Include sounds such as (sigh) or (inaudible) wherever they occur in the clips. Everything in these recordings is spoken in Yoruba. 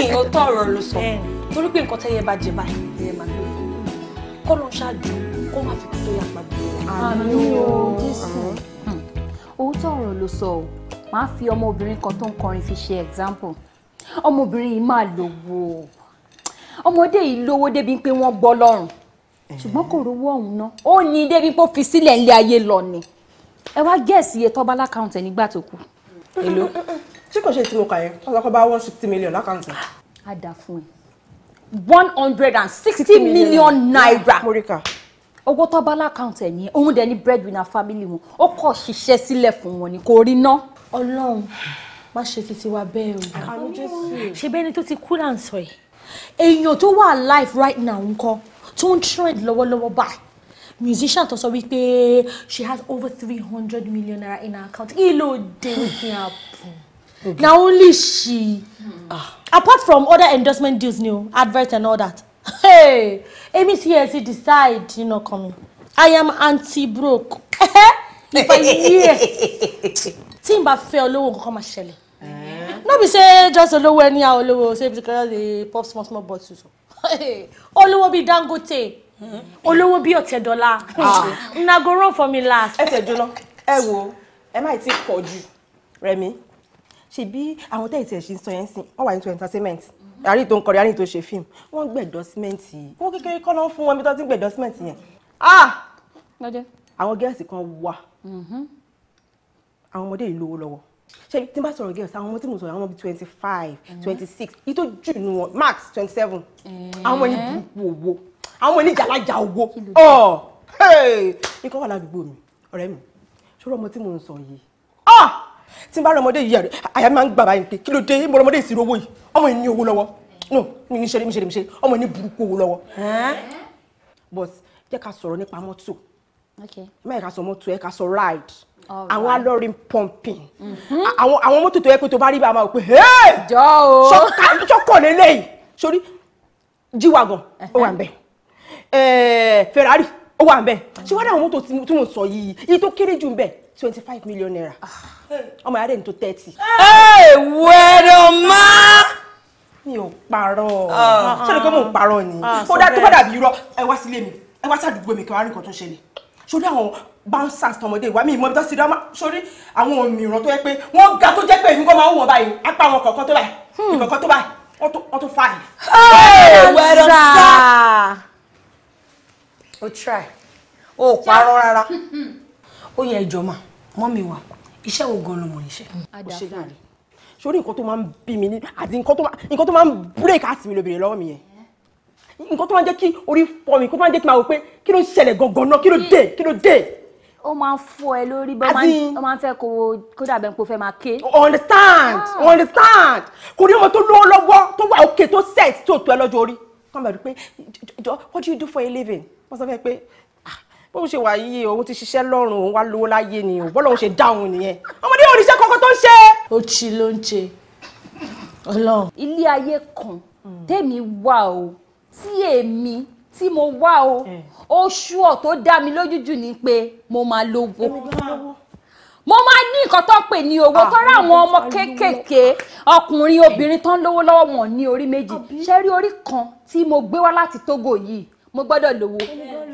speaking o tọrọ ló sọ torí pé nǹkan tẹ́yẹ bá jẹ báyìí ni ẹ máa gbé fún mi kọ́ ló ń ṣáájú kó má fi kú tó yà pa gbé wọn. àmì o jésù òótọ́ hmm. ọ̀rọ̀ ló sọ o máa fi ọmọbìnrin kan tó ń kọrin fi ṣe example ọmọbìnrin yìí máa lówó ọmọdé yìí lówó débi pé wọ́n gbọ́ lọ́rùn ṣùgbọ́n kò rówó ọ̀hún ná ó ní débi pé ó fi sílẹ̀ ilé ayé lọ ni ẹ wá gẹ̀ẹ́sì iye tọ́ba lákàùntẹ̀ nígbà tó kù. èlò ṣé kò ṣe tí mo kà yẹn tó sọ bá one sixty million lákàntì. a dà fún ẹ one hundred and sixty million naira. mo rí kà owó tó bá lákàntì ẹ̀ ní òun dẹ̀ ní breadwinner family wọn ó kọ̀ ṣiṣẹ́ sílẹ̀ fún wọn ni kò rí ná. ọlọ́run má ṣe títí wa bẹ́ẹ̀ o. ṣe bẹ́ẹ̀ ni tó ti kú là ń sọ ẹ̀ èèyàn tó wà life right now ńkọ́ tó ń trend lọ́wọ́lọ́wọ́ báyìí musician tó sọ wípé she has over three hundred million naira in her account kí ló dé (sighs) kí àpò na only she ah. apart from other endorsement deals new o advert and all that (laughs) hey emi csc e decide you know coming i am anti broke (laughs) if i hear tí n bá fẹ́ olówó nǹkan máa eh. no be say just olówó ẹni àwọn olówó say because they pop small small bottles (laughs) olówó bíi dangote hmm. olówó be ọ̀tẹ̀ dọ́là ah. una go run for me last. ẹ tẹ̀ jọlọ ẹ wo ẹ má ti pọ̀ jù rẹmi ṣebí àwọn tẹ́yìn tí ẹ̀ ṣe ń sọ yẹn sìn wọ́n wà into entertainment àárín tó ń kọrin àárín tó ṣe fíìmù wọ́n gbẹ̀dọ̀ símẹ́ǹtì yìí owó kékeré kọ́ ló ń fún wọn bí tó ti ń gbẹ̀dọ̀ símẹ́ǹtì yẹn. Ah! àwọn gẹ́ẹ̀sì kan wà mm-hmm. àwọn ọmọdé yìí lówó lọ́wọ́ ṣe tí n bá sọ̀rọ̀ gẹ́ẹ̀sì àwọn ọmọ tí mo sọ̀rọ̀ àwọn ọmọ bíi twenty five mm-hmm. twenty six yìí tó jù nù wọn max twenty seven eh. àwọn ẹni burúkú owó àwọn ẹni jàlájà owó ọ ikọ̀ oh! wà ládùúgbò mi ọ̀rẹ́ mi ṣòro ọmọ tí mo ń sọ yìí ah! tí n bá rẹ ọmọdé yìí àyà máa ń gbà báyìí pé kí ló dé mo ọmọdé ìṣirò owó yìí ọmọ yìí ní owó lọ́wọ́ no mi ní ṣeré mi ṣeré mi ṣeré ọmọ yìí ní burúkú owó lọ́wọ́ but jẹ́ ká sọ̀rọ̀ nípa mọ́tò mẹ́rin ká sọ mọ́tò ẹ̀ ká sọ ride mhm. àwọn alọ́rin pumping àwọn mọ́tò tó yẹ pé tó bá rí bá máa pè é ṣọ́kọ̀ lélẹ́yìí sórí jíwàgàn ó wà ń bẹ̀ eh, Ferrari ó wà nbẹ ṣé wàá dà àwọn mọ́tò tí mo sọ yìí iye tó kéré jù nbẹ twenty five million naira ah. ọmọ ìyá rẹ̀ ní tó thirty. ẹ wẹ́rọ máa. mi ò parọ́ sọ́dọ̀ pé mo ń parọ́ ni kódà ah, tó bá dàbí irọ́ ẹ wá sílé mi ẹ wá sàdúgbò mi kí wàá rí nǹkan tó ṣẹlẹ̀ sórí àwọn bouncers tọmọdé wa mi ìmọ̀ ibi tó ti rí ọmọ sórí àwọn òmìrán tó yẹ pé wọ́n ga tó jẹ́ pé èmi kò máa ń wọ̀ báyìí apá wọn kọ̀ọ̀kan tó báyìí hmm. ìkọ̀ọ̀kan tó báyìí wọ́n tó five. ẹ wẹ́rọ sáà o try o parọ́ rara. (laughs) ó yẹ ìjọ mà mọ́mì wa iṣẹ́ wo gan-an ló mọ̀ o ṣe dáre sórí nǹkan tó máa ń bí mi ní àti nǹkan tó máa ń break àti mi lóbìnrin lọ́wọ́ mi yẹn eh? nǹkan tó máa ń jẹ́ kí orí fọ́ mi nǹkan tó máa ń jẹ́ kí n máa wò pé kí ló ṣẹlẹ̀ gangan náà kí ló dé kí ló dé ó máa ń fọ ẹ lórí bó máa ń fẹ́ kó kó dàbẹ̀ kó fẹ́ máa ké. understand ah. understand kò ní ọmọ tó lówó lọ́wọ́ tó wà òkè tó set tó tó ẹ lọ́jọ́ orí kàn bẹ̀rù pé what do you do for a living wọ́n sọ fẹ́ pé ah, bó ṣe wà yìí òun ti ṣiṣẹ́ lọ́rùn òun wá lówó láyé ni òun bọ́lá òun ṣe dáhùn nìyẹn ọmọdé òrìṣẹ́ kankan tó ń ṣe. ó chi ló ń ṣe Ọlọ́run. ilé ayé kan hmm. tèmi wà o tí èmi tí mo wà o eh. oṣù ọ̀ tó dá mi lójú ni pé mo máa lówó mo máa ní nǹkan tó ń pè ní owó ah, tó rà àwọn ọmọ kéékèèké ọkùnrin obìnrin tó ń lówó lọ́wọ́ wọn ní orí méjì ṣe rí orí kan tí mo gbé wá láti Togo yìí mo gbọ́dọ̀ lówó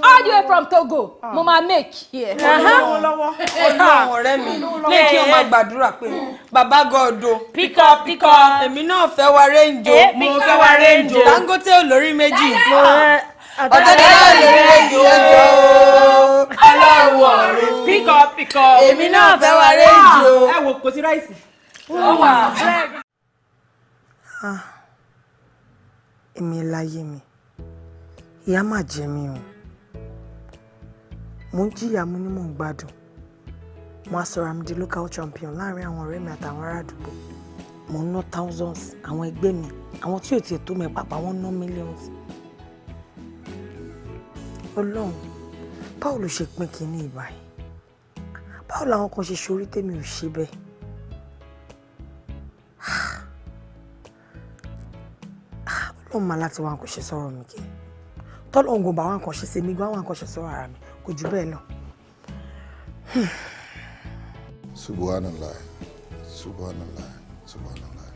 all the way from Togo mo máa make here. olówó lọ́wọ́ olówó ọ̀rẹ́ mi ní kí o máa gbàdúrà pé bàbá gọ́ọ̀dọ̀ pick up pick up èmi náà fẹ́ wa rénjò eh, mo fẹ́ wa rénjò Dangote olórí méjì ọ̀tọ̀dẹ̀ náà lè rí èyí ojo ọlọ́run ọ̀run pick up pick up èmi náà fẹ́ wa rénjò. Ah. ẹ wo kò sí ráìsì. Oh, ah. èmi láyé mi ìyà mà jẹ mí o mo ń jìyà mo ní mò ń gbádùn mo á mi di local champion láàrin àwọn ọ̀rẹ́ mi àtàwọn ará àdúgbò mo ń ná thousands àwọn ẹgbẹ́ mi àwọn tí ò tiẹ̀ tó mi pàpà wọ́n ná millions ọlọ́run báwo ló ṣe pín kínní ìbáyìí báwo làwọn kan ṣe ṣorí tèmi ò ṣe bẹ́ẹ̀ ah, ah, ọlọ́run máa láti wá kó ṣe sọ̀rọ̀ mi kìí tọ́lọ́hún gan bá wà nǹkan ṣe sí mi gan wà nǹkan ṣe sọ́wọ́ ara mi kò jù bẹ́ẹ̀ lọ. (sighs) subhanallah subhanallah subhanallah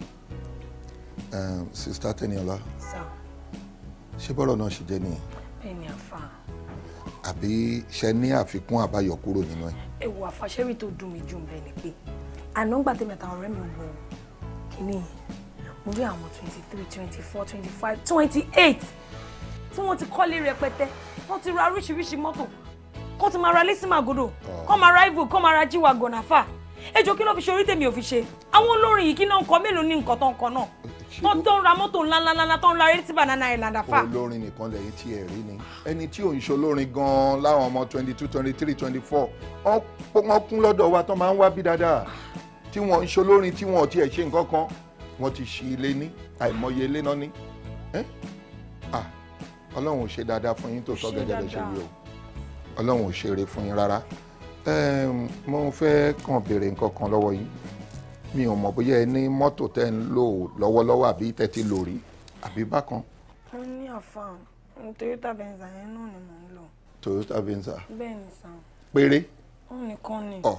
um, sista Teniola ṣé bọ́lọ̀ náà ṣe jẹ́ nìyẹn. bẹ́ẹ̀ ni àfa. àbí ṣe ní àfikún àbáyọ kúrò nínú ẹ. ẹ wo àfàṣẹ́rì tó dùn mí jù bẹ́ẹ̀ ni pé àná ń gbà tèmi ọ̀rẹ́ mi wọ kínní mo rí àwọn twenty three twenty four twenty five twenty eight tí wọ́n ti kọ́lé rẹpẹtẹ wọ́n ti ra oríṣiríṣi mọ́tò kó ti máa ra lé sí màgòdò kó máa ra ivo kó máa ra jíwà gọ̀nàfà ẹjọ́ kí ló fi ṣe orí tèmi ò fi ṣe àwọn olórin yìí kí náà ń kọ mélòó ní nǹkan tó ń kọ náà wọ́n tó ń ra mọ́tò ńláńláńlá tó ń ra eré sí banana island afa. olórin nìkan lẹ́yìn tí ẹ rí ni ẹni tí ò ń ṣolórin gan-an láwọn ọmọ twenty two twenty three twenty four wọ́n kún lọ́dọ̀ wa tó máa ń wá bí dáadáa tí wọ́n ń ṣolórin tí wọ́n ò tiẹ̀ ṣe nǹkan kan wọ́n ti ṣí ilé ní àìmọye ilé náà ní ọlọ́run ò ṣe dáadáa fún yín tó sọ gẹ́gẹ́ bẹ́ẹ̀ ṣe wí o ọlọ́run ò ṣeré fún yín rárá mo fẹ́ kàn béèrè nǹkan kan lọ́wọ́ yín mi ò mọ̀ bóyá ẹ ní mọ́tò tẹ́ ń lò lọ́wọ́lọ́wọ́ àbí tẹ́ ti lò rí àbí bákan. mo ní àfàn toyota venza yẹn náà ni mò ń lò. toyota venza. bẹ́ẹ̀ ni sàn. péré. ó nìkan ni. ọ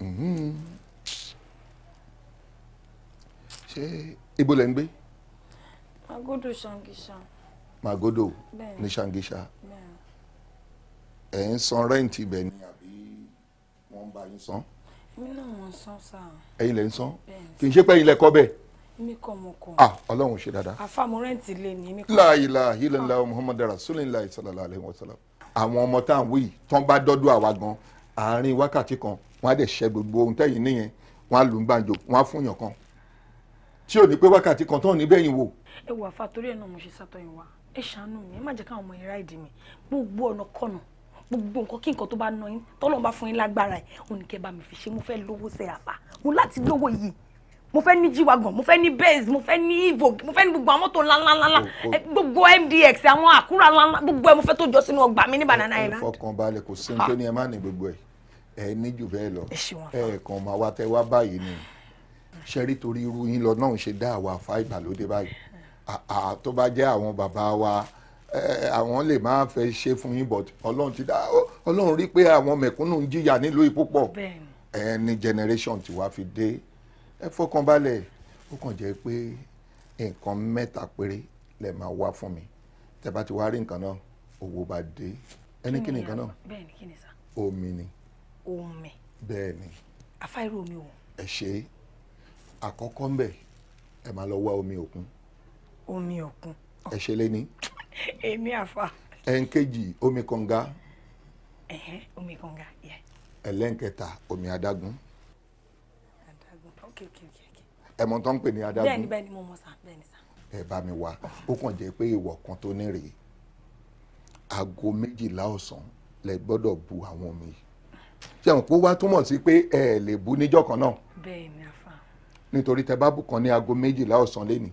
mhm. ṣé ibo lẹ ń gbé. agodo ṣangiṣan magodo ní ṣàǹgíṣà ẹ̀ ń san rẹ́ǹtì ibẹ̀ ni àbí wọ́n ń bá yín san. èmi náà wọ́n san sáà. ẹ̀yin lẹ ń san kì í ṣe pé ẹ̀yin lẹ kọ́ bẹ́ẹ̀. èmi ah ọlọ́run ṣe dáadáa. àfàmù rẹ́ǹtì lè ní èmi kọ́. la ilaha illallah muhammadu rasulillah sallallahu alayhi wa sallam. àwọn ọmọ tá à ń wí tán bá dọ́dọ̀ àwa gan àárín wákàtí kan wọ́n á dẹ̀ ṣe gbogbo ohun tẹ́yìn níyẹn wọ́n á lù ú gbàǹjo wọ́n á fún yàn kan tí ò ní pé wákàtí kan tán ò ní bẹ́yìn wò. ẹ wà fàtórí ẹ̀ náà mo ṣe sátọ̀ yín wá ẹ ṣàánú mi ẹ má jẹ́ káwọn ọmọ yẹn ráìdì mi gbogbo ọ̀nà kọ̀nà gbogbo nǹkan kí nǹkan tó bá ná yín tọ́lọ́run bá fún yín lágbára ẹ̀ oníkẹ́ bá mi fi ṣe mo fẹ́ lówó ṣe àpá mo láti lówó yìí mo fẹ́ ní jíwagàn mo fẹ́ ní benz mo fẹ́ ní ivo mo fẹ́ ní gbogbo àwọn mọ́tò ńláńláńlá gbogbo mdx àwọn àkúrà ńláńlá gbogbo ẹ mo fẹ́ tó jọ sínú ọgbà mi ní banana island. fọkàn balẹ̀ kò sí nítorí ẹ má ní gbogbo ẹ ẹ ní jù bẹ́ẹ̀ ẹ àà tó bá jẹ́ àwọn bàbá wa àwọn lè máa fẹ́ ṣe fún yín but ọlọ́run ti dá ọlọ́run rí pé àwọn mẹ̀kúnnù ń jìyà nílùú ìpúpọ̀ ẹni generation tiwa fi dé ẹ fọkànbalẹ̀ ó kàn jẹ́ pé nǹkan mẹ́ta péré lè máa wá fún mi tẹ́ bá ti wá rí nǹkan náà owó bá dé ẹni kí ni nǹkan náà omi ni bẹ́ẹ̀ ni o ẹ ṣe àkọ́kọ́ ń bẹ̀ ẹ máa lọ wá omi òkun omi òkun. ẹ̀ṣẹ̀ lé ní. (laughs) èmi àfa. ẹ̀ǹkejì omi kànga. ẹ̀hẹ́ omi kànga yẹ. ẹlẹ́ǹkẹta omi adágún. adágún ok ok ok. ẹ̀mọ tó ń pè ní adágún. bẹ́ẹ̀ni bẹ́ẹ̀ni mo mọ̀ sá bẹ́ẹ̀ni sá. ẹ bá mi wá ó kàn jẹ́ pé ìwọ̀ kan tó ní rèé aago méjìlá ọ̀sán lẹ gbọ́dọ̀ bu àwọn omi yìí ṣé àwọn kó wá túmọ̀ sí pé ẹ lè bu níjọ́ kan náà. bẹ́ẹ̀ni àfa. nítorí tẹ bá bù kan ní aago méjìlá ọ̀sán lénìí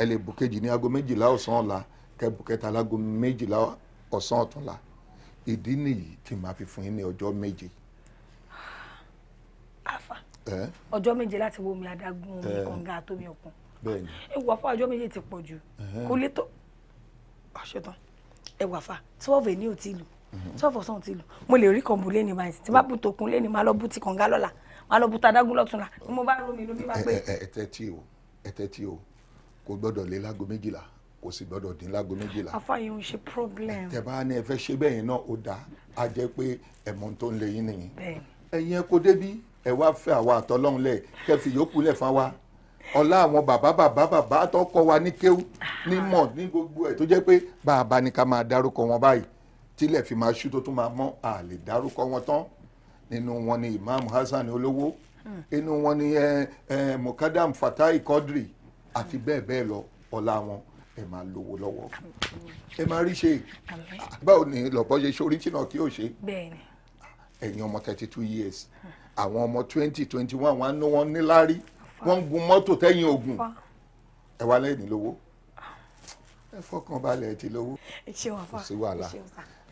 ẹ lè bù kejì ní aago méjìlá ọ̀sán ọ̀la kẹ́ bù kẹta láago méjìlá ọ̀sán ọ̀túnla ìdí nìyí tí màá fi fún yín ní ọjọ́ méje. àfà ọjọ́ méje láti wo omi adágún omi kànga àtomi òkun ewu àfà ọjọ́ méje ti pọ̀ jù kò lè tó àṣetán ewu àfà twelve èní ò tí lù mhm. twelve ọ̀sán ti lù mo lè rí kànbù lẹ́ni máa tí bá bùtò kun lẹ́ni máa lọ bú ti kànga lọ́la máa lọ bú tadágún lọ́túnla ni mo bá rómi lómi bá pé. ẹ ẹ tẹ́tí o ẹ tẹ́tí o kò gbọ́dọ̀ lé lágo méjìlá kò sì gbọ́dọ̀ dín lágo méjìlá. àfàyàn ò ṣe problem. tẹ́ bá ní ẹ fẹ́ ṣe bẹ́ẹ̀ yẹn náà ó dáa á jẹ́ pé ẹ̀mọ́ tó ń lé yín nìyẹn. ẹ̀yin ẹ kó débí ẹ wá fẹ́ àwa àtọ́lọ́hún lẹ̀ kẹ́ fi yòókù lẹ̀ fún wa ọlá àwọn bàbá bàbá bàbá tó kọ́ wa ní kéwú ní ah. mọ̀ ní gbogbo ẹ̀ tó jẹ́ pé bàbá ni ká máa dárúkọ wọn báyìí tílẹ̀ fi máa ṣú tó tún máa mọ́ àlè dárúkọ wọn tán nínú wọn ni imam hasan olówó hmm. inú wọn ni eh, eh, mukadam fatai quadri àti bẹ́ẹ̀ bẹ́ẹ̀ lọ ọlá wọn ẹ máa lówó lọ́wọ́ ẹ máa rí ṣe báwo ni lọ́bọ́ ṣe ṣe orí kí ó ṣe ẹ̀yin ọmọ thirty two years àwọn ọmọ twenty twenty one wọn á ná wọn níláárí wọn ń gun mọ́tò tẹ́yìn ogun ẹ wá lẹ́yìn lówó ẹ fọkàn balẹ̀ ti lówó kò sí wàhálà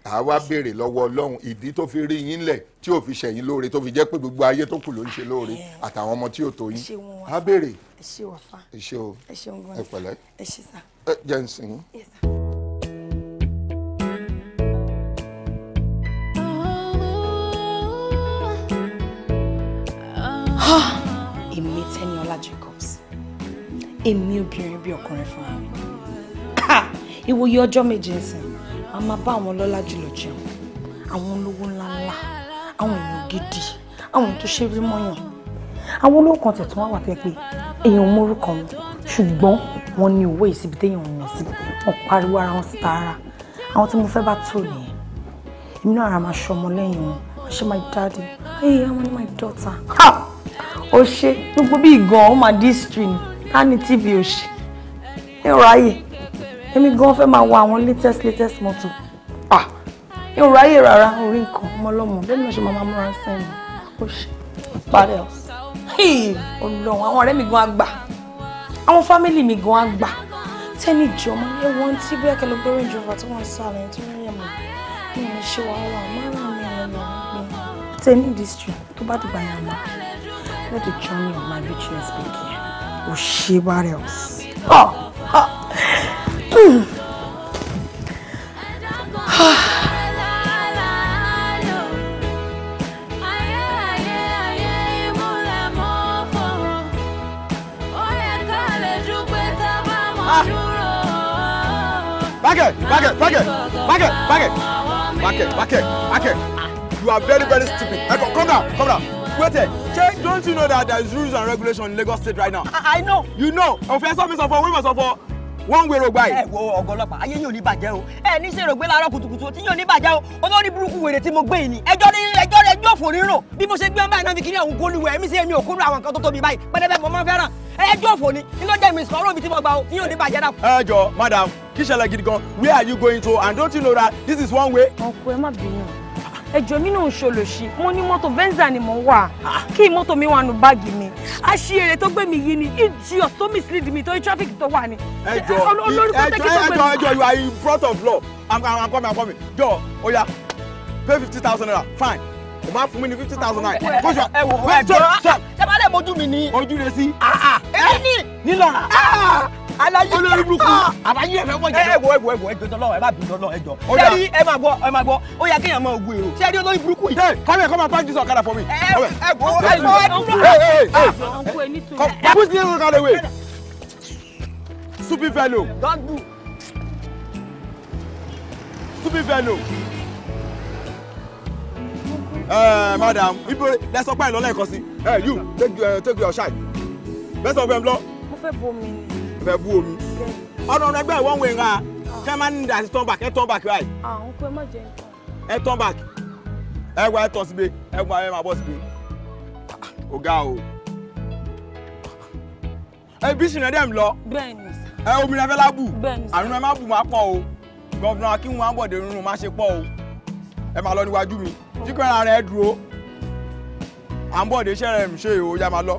àwa béèrè lọ́wọ́ ọlọ́run ìdí tó fi rí yín lẹ̀ tí ò fi ṣẹ̀yìn lóore tó fi jẹ́ pé gbogbo ayé tó kù ló ń ṣe lóore àtàwọn ọmọ tí ò tó yín á béèrè ẹ ṣé o ẹ pẹ̀lẹ́ ẹ jẹ́ ń sìn yín. èmi Tẹ́níọlá Jacobs èmi obìnrin bí ọkùnrin fúnra mi ìwòye ọjọ́ méje ń sìn a máa bá àwọn lọ́lá jùlọ jẹun àwọn olówó ńláńlá àwọn èèyàn gidi àwọn tó ṣe rí mọ́yàn àwọn olówó kan tẹ̀tún wà wà pé pé èèyàn mórúkọ wọn ṣùgbọ́n wọn ní owó ìsibí téèyàn ń rìn sí wọn pariwo ara wọn síta ara àwọn tí mo fẹ́ bá tó nìyẹn èmi náà ara máa ṣe ọmọ lẹ́yìn wọn wọ́n ṣe my daddy hey i want my daughter ha ó ṣe gbogbo bí gan-an ó máa dí string ká ní tv ó ṣe ẹ ráyè èmi gan fẹ́ máa wo àwọn latest latest mọ́tò ah n ò ráyè rárá orí nǹkan ọmọlọ́mọ bẹ́ẹ̀ náà ṣe máa múra sẹ́yìn ó ṣe parẹ́ ọlọ́run àwọn ọ̀rẹ́ mi gan àgbà àwọn fámìlì mi gan àgbà tẹ́ni jọ mọ́ ní ẹ̀wọ̀n tí bí akẹ́lẹ́ gbọ́rọ̀ ìjọba tí wọ́n ń sá rẹ̀ tó ń yẹ̀ mọ́ bí mo ṣe wàhálà márùn mi ọ̀rọ̀ lọ gbé tẹ́ni district tó bá dìgbà yà mọ́ let the journey of my richness begin ò ṣe parẹ́ ọ̀ Back it, back it, back it, back it, You are very, very stupid. come, come down, come down. Wait Check, don't you know that there rules and regulation in Lagos State right now? I, I know. You know. Officer, Mr. For, women, for wọ́n ń wèrò gbà yìí. ẹ wo ọgọ ọlọ́pàá ayé yóò ní bàjẹ́ o ẹ ní sèrò gbé láàárọ̀ kùtùkùtù tí yóò ní bàjẹ́ o olórí burúkú wèrè tí mo gbé yìí ni ẹjọ́ ní ẹjọ́ rẹ ẹjọ́ òfò rírò bí mo ṣe gbé ọmọ iná fi kiri àwọn kóluwẹ̀ ẹ̀mí sí èmi ò kúrò àwọn nǹkan tó tóbi báyìí pẹ́ẹ́dẹ́gbẹ́ mo máa ń fẹ́ràn ẹjọ́ òfò ni iná jẹ́ mi sọ̀rọ̀ mi tí mo gbà o yóò ní bàjẹ́ dà. ẹ jọ madam kí ṣẹlẹ̀ gidi gan where are you going to and don't you know that this is one way. ọkọ ẹ má bínú ẹjọ́ mi náà ń ṣolòṣì mo ní mọ́tò venza ni mò ń wà ah. kí mọ́tò mi wà nù báàgì mi àṣìyèrè tó gbé mi yìí ni idiot tó mislead mi tó ní traffic tó wà ni. ẹjọ ẹjọ ẹjọ ẹjọ you are in front of law i'm i'm coming i'm coming jọ oya pay fifty thousand naira fine o máa fún mi ní fifty thousand naira kó sọ ẹ wò ó ẹjọ ṣe ṣe bá lè mojú mi ní. ojú rẹ sí. Ah, ah. èmi ní nílọ́ra aláyé olórí burúkú àbáyé ẹ̀fẹ̀ wọ́n jẹ́ ẹ̀wọ̀ ẹ̀wọ̀ ẹ̀wọ̀ ẹ̀jọ̀ tọ́lọ́ ẹ̀ bá bì lọ́lọ́ ẹ̀jọ̀ sẹ́ẹ̀rí ẹ máa gbọ́ ẹ máa gbọ́ ó yà kéèyàn máa eh, madam ibo lẹsọ pa ẹ lọ lẹ́ẹ̀kan sí. ẹ eh, you take your eh, take your shine. best of them lọ. mo fẹ́ bomi ni fẹ́ bú omi ọdún ọdún ẹgbẹ́ ìwọ̀n wẹ̀ ń ra kẹ́ máa ń dà turn back, ẹ turnback báyìí. àwọn ah, kò mọ̀ jẹ́ nǹkan. ẹ turnback ẹ wá ẹ tọ́ síbi ẹ wá ẹ máa bọ́ síbi ọ̀gá o. ẹ bí sinú ẹdẹ mi lọ. bẹ́ẹ̀ni. ẹ omi rẹ fẹ́ lábù. bẹ́ẹ̀ni sọ àrùn ẹ má bù má pọ̀ o gọ́fìnà kí wọ́n á bọ̀ dé rúnrún má ṣe pọ̀ o ẹ máa lọ níwájú mi jíkọ́ ara rẹ dúró à ń bọ̀ dé iṣẹ́ rẹ̀ mi ṣe o yá máa lọ.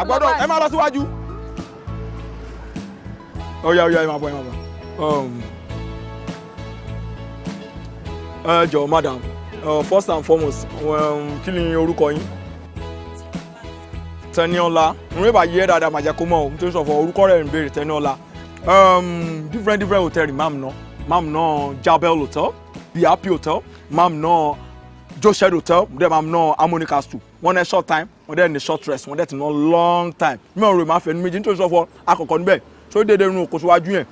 àgbọ́dọ̀ ẹ máa lọ síwájú. ọ̀yà ọ̀yà ẹ máa bọ̀ ẹ máa bọ̀ um, ẹ jọ̀ọ́ madam uh, first and foremost um, kí ni orúkọ yín Tẹniọlá nínú ìbá yẹ dáadáa màjẹ kó mọ ohun tó ń sọ orúkọ rẹ̀ ń béèrè Tẹniọlá um, different different hotel mam náà mam náà Jabel hotel BRP hotel mam náà just hotel dem am na harmonicas too wọn dẹ short time wọn dẹ ní short rest wọn dẹ ti ná long time mímọ rè máa fẹ ní méjì nítorí sọfọ akọkọ níbẹ tó dédé irun kò síwájú yẹn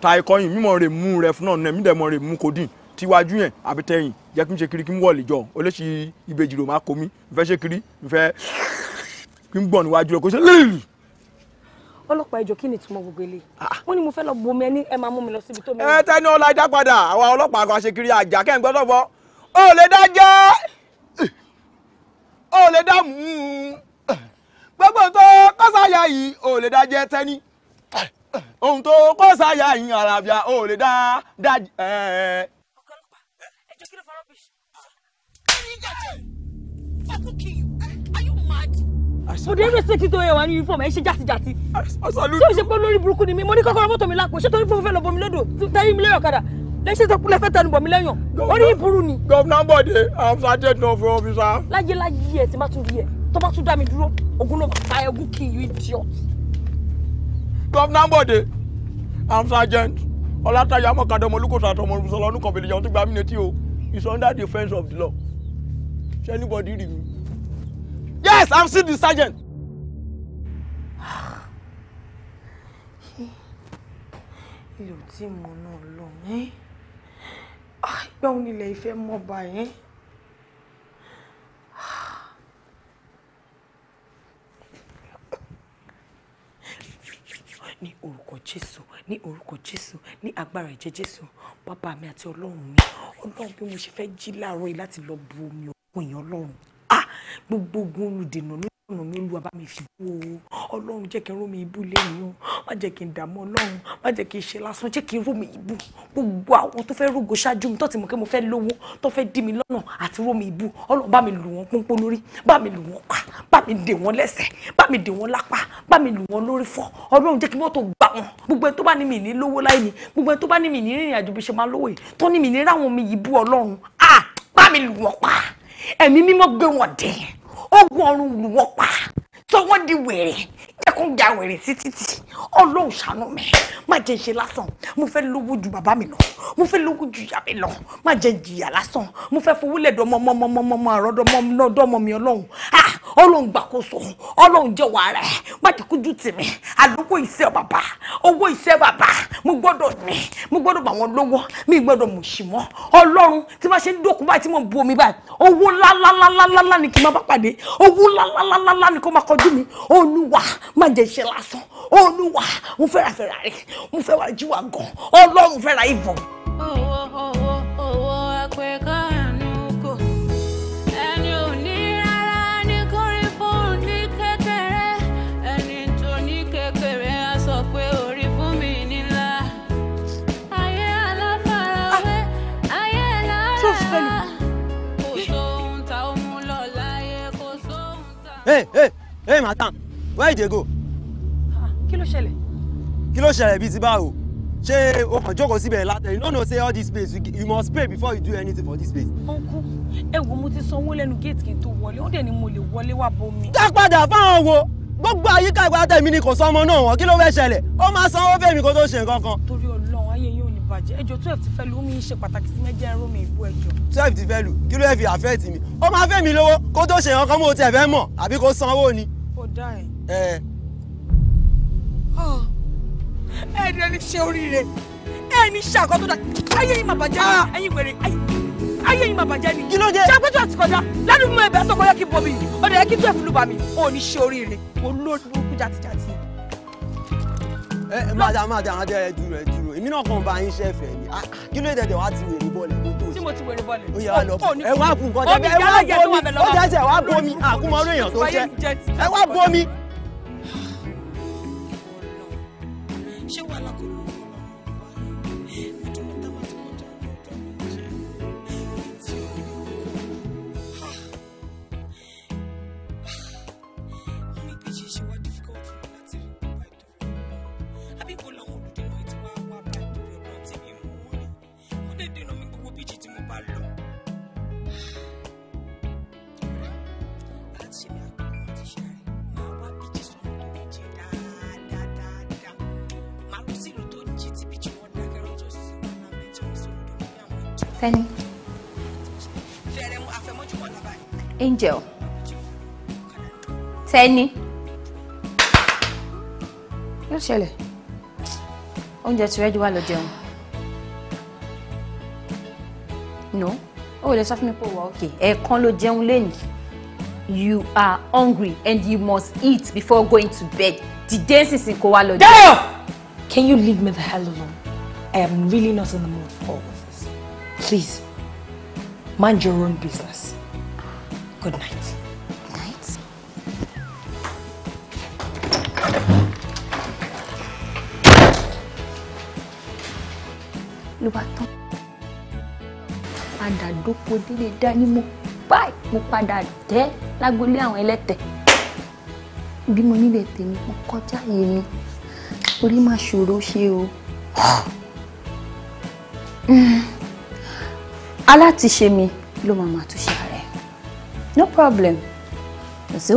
ta ikọ yìí mímọ rè mú rẹ fún náà nẹ mí dẹ mọ rè mú codeine tíwájú yẹn àbí tẹ̀yìn jẹ kí n ṣe kiri kí n wọlé jọ olóṣì ìbejì rò máa kó mi n fẹ ṣe kiri n fẹ kí n gbọ níwájú rẹ kó ṣe léèlì. ọlọ́pàá ìjọ kí ni ìtumọ̀ gbogbo ilé wọn ni mo fẹ́ lọ bomi ẹni ẹ máa mú mi lọ síbi tó mi. ẹ tẹni ọlá ìdápadà àwa ọlọ́pàá àgbà ṣe kiri àjà kẹ́ ń gbọ́dọ̀ gbọ́ o lè dájọ́ o lè dààmú gbogbo tó kọ́sáyà yìí o lè dájẹ́ tẹ́ni ohun tó kọ́sáyà yìí àràbíà o lè dá dájẹ́ ẹ̀. Bọ̀dé ẹ̀rọ ṣe ti tó ẹ̀wà ní uniform ẹ̀ ṣe jàtijàti. Ṣé o ṣe pé olórí burúkú ni mi? Mo ní kọ́kọ́rọ́ mọ́tò mi lápò. Ṣé torí fún fẹ́ lọ bomi lódò? Tẹ́rí mi lẹ́yọ̀ kadà lẹ́sẹ̀ tó kúlẹ̀ fẹ́ tẹnu bọ̀ mí lẹ́yìn orí ìburú ni. gọ́fúnà bọ̀dé i'm sergeant náà fún ọ́fíìsà. láyé láyé ẹ ti má tún rí ẹ tó bá tún dá mi dúró ogun ló pa ẹgún kí you idiot. gọ́fúnà bọ̀dé i'm sergeant ọlátayà mọ̀kadà ọmọ olùkọ́sọ àtọmọ olùsọ̀lọ́ ọdún kan fèlè jẹun tó gba mí létí o is under the fence of the law ṣé anybody rí me? yes i'm still the sergeant. (sighs) ilé ò tí mo náà lọ mẹ́. Eh? gbọ́n nílẹ̀ ìfẹ́ mọba yẹn. ní orúkọ jésù ní orúkọ jésù ní agbára ẹ̀jẹ̀ jésù bàbá mi àti ọlọ́run mi ọlọ́run bí mo ṣe fẹ́ jí láàárọ̀ yìí láti lọ bu omi òkun yẹn ọlọ́run ah gbogbo ogun olùdènà ló ọlọ́run mi olúwa bá mi fi bú o ọlọ́run jẹ́ kí n rómi ibú lẹ́yìn o má jẹ́ kí n dààmú ọlọ́run má jẹ́ kí n ṣe lásán jẹ́ kí n rómi ibú gbogbo àwọn tó fẹ́ rògo ṣáájú mi tó ti mọ̀ pé mo fẹ́ lówó tó fẹ́ dí mi lọ́nà àti rómi ibú ọlọ́run bá mi lù wọ́n pọ́npọ́ lórí bá mi lù wọ́n pa bá mi dè wọ́n lẹ́sẹ̀ bá mi dè wọ́n lápá bá mi lù wọ́n lórí fọ́ ọlọ́run jẹ́ kí mọ́tò gbà wọ́n gbogbo ẹni tó bá ní mi ní lówó láì ní gbogbo ẹni tó bá ní mi ní rìnrìn àjò bí ṣe máa lówó yìí ogun ọ̀run lù wọ́n pa sọ wọ́n di wèrè jẹ́ kó ń ja wèrè sí títì ọlọ́run ṣàánú mi má jẹ́ ṣe lásán mo fẹ́ lówó ju bàbá mi lọ mo fẹ́ lówó ju ìyá mi lọ má jẹ́ jìyà lásán mo fẹ́ fowólẹ̀ dọ́mọmọmọmọ àrọ́dọ́mọ mi ọlọ́run ah ọlọ́run gbàkóso ọlọ́run jẹ́ wàrà ẹ̀ má jẹ́ kójú tèmi àdókò iṣẹ́ bàbá owó iṣẹ́ bàbá mo gbọ́dọ̀ ní mo gbọ́dọ̀ bà wọ́n lówó mi gbọ́dọ̀ mọ̀ sí mọ́ ọlọ́run tí ma ṣe ń dókun báyìí tí mo bu omi báyìí owó ńláńláńláńlá ni kí n má bá pàdé owó ńláńláńláńlá ni kó má ojú mi olúwa má jẹ́ ṣe lásán olúwa mo fẹ́ ra Ferrari mo fẹ́ wá jíwà gan ọlọ́run fẹ́ ra ìbọn. owó owó Hey madam, where did you go? Ah, kí ló ṣẹlẹ̀? Kí ló ṣẹlẹ̀ bíi ti báwo? Ṣé o kàn jókòó You don't know say all this place you, you must pay before you do anything for this place. Uncle, ẹ wo mo ti sanwó lẹ́nu géètì kí n tó any ó dẹ̀ ni mo lè wọlé wá bomi. Dá padà you wo go àyíká ìgbà tẹ̀mí ni kò sọ ọmọ náà wọ́n kí ló fẹ́ ṣẹlẹ̀ ó máa sanwó fẹ́mi kó bàjẹ́ ẹjọ́ twelve ti fẹ́ lu omi ṣe pàtàkì sí mẹ́jẹ́ ẹ̀rọ mi ìbú ẹjọ́. twelve ti fẹ́ lu kí ló yẹ fi àfẹ́ tì mí ó máa fẹ́ mi lówó kó tó ṣe ìrànkan mọ́ o tiẹ̀ fẹ́ mọ̀ àbí kó sanwó ni. ó dá ẹ. ẹ. ẹni ah. ẹni ṣe oríire ẹni ṣe àgọ́ tó dà ayé yìí máa bàjẹ́ ah. ẹ̀yin wèrè ayé yìí máa bàjẹ́ ni. kí ló dé. ṣàpètò àti kọjá lẹ́nu mú ẹbẹ̀ àtọkọ yẹ kí bomi ọ̀dọ̀ yẹ kí twelve lu bàmí ò ní ṣe oríire olóòdù kújàtìjàtì. ẹ máa dá máa dá àwọn adé ẹ dúró ẹ dúró èmi náà kàn bá yín ṣẹ̀fẹ̀ ni ah, kí ló dẹ̀dẹ̀ wá ti wèrè bọ́ọ̀lù ẹ̀kú tó ṣe. tí mo ti wèrè bọ́ọ̀lù ó yà á lọ ẹ wá bù nǹkan jẹ ẹ wá bomi ó dẹ́sẹ̀ wá bomi àkúmọ́rú èèyàn tó jẹ ẹ wá bomi. Angel Tẹ́ni yóò ṣẹlẹ̀ oúnjẹ tí rẹ́jú wà lọ jẹun no ó lè sọ fún mi pé wà òkè ẹ̀ẹ̀kan ló jẹun lẹ́nu you are hungry and you must eat before going to bed dìde sísìn kó wá lọ jẹun. Dayo can you leave me the hell alone I am really not in the mood for all of this please mind your own business. Good night. Night? Ló bá tán. Padà dóko délé dání mo báyìí mo padà dé lágbolé àwọn ẹlẹ́tẹ̀. Bí mo nílẹ̀ tèmi, mo kọjá yé mi. Orí máa ṣòro ṣe o. Hmm. Alátiṣe mi ló máa máa túṣe no problem kò sí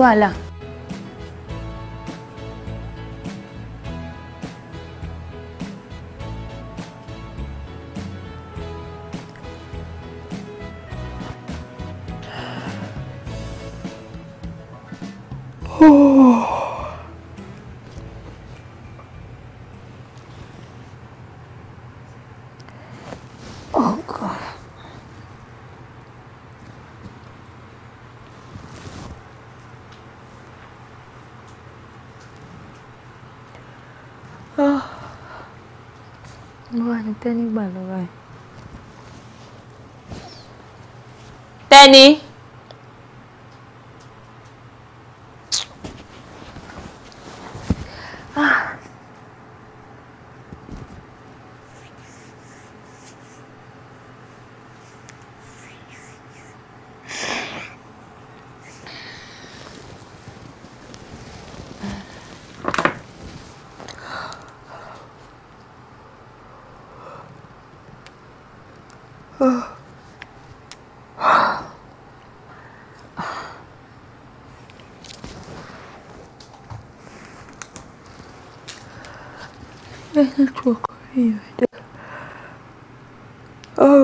Wah, ni tani balo, wah.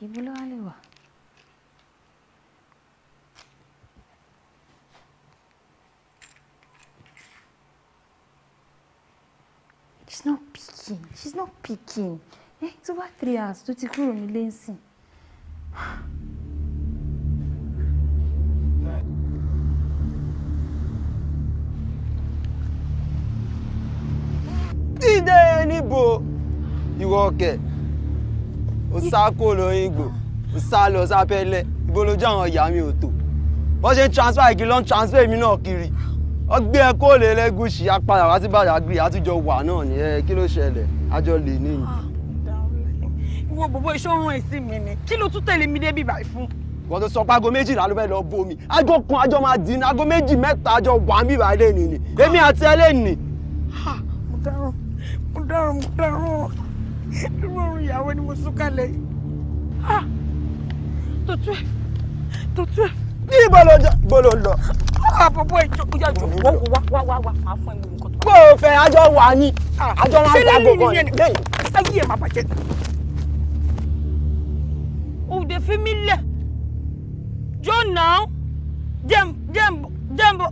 ¿Qué vuelo algo? She's not picking. She's not picking. Eh, tó bá kiri àtúntò ti kúrò nílé nsìn. sá kó lórí igbó ó sá lọ sábẹ́lẹ̀ ibo lójú àwọn ìyá mi ò tó wọ́n ṣe ń transfer igi lọ́n transfer mi náà kiri wọ́n gbé ẹ kó lè lẹ́gùsì apàdà wá sí Badagry e, àtijọ́ wà náà ni ẹ kí ló ṣẹlẹ̀ àjọ lè ní ìwọ bòbó ìṣòro ẹ̀sìn mi ni kí ló tún tẹ̀lé mi débi báyìí fún. wọ́n tó sọ pé aago méjìlá ló fẹ́ lọ bomi aago kan aago máa dín ní aago méjì mẹ́ta aago wà ń bíbá lẹ́nìí ni èmi àti ẹ irú oorun ìyàwó ni mo sún kalẹ̀ yìí tó twelve tó twelve. bí ibo ló jọ ibo ló lọ. àbọ̀bọ̀ ìjọ ìjọ ìjọ wọ́n wá wá wá wá máa fún ẹ mú nǹkan tó. bó o fẹ́ àjọ wà ní ah, àjọ máa ń dáàbò kan ní bẹ́ẹ̀ ni. ayé ẹ̀ máa bàjẹ́. òde fi mí lẹ̀ jọ̀ọ́ jẹ́m jẹ́m jẹ́m bọ̀.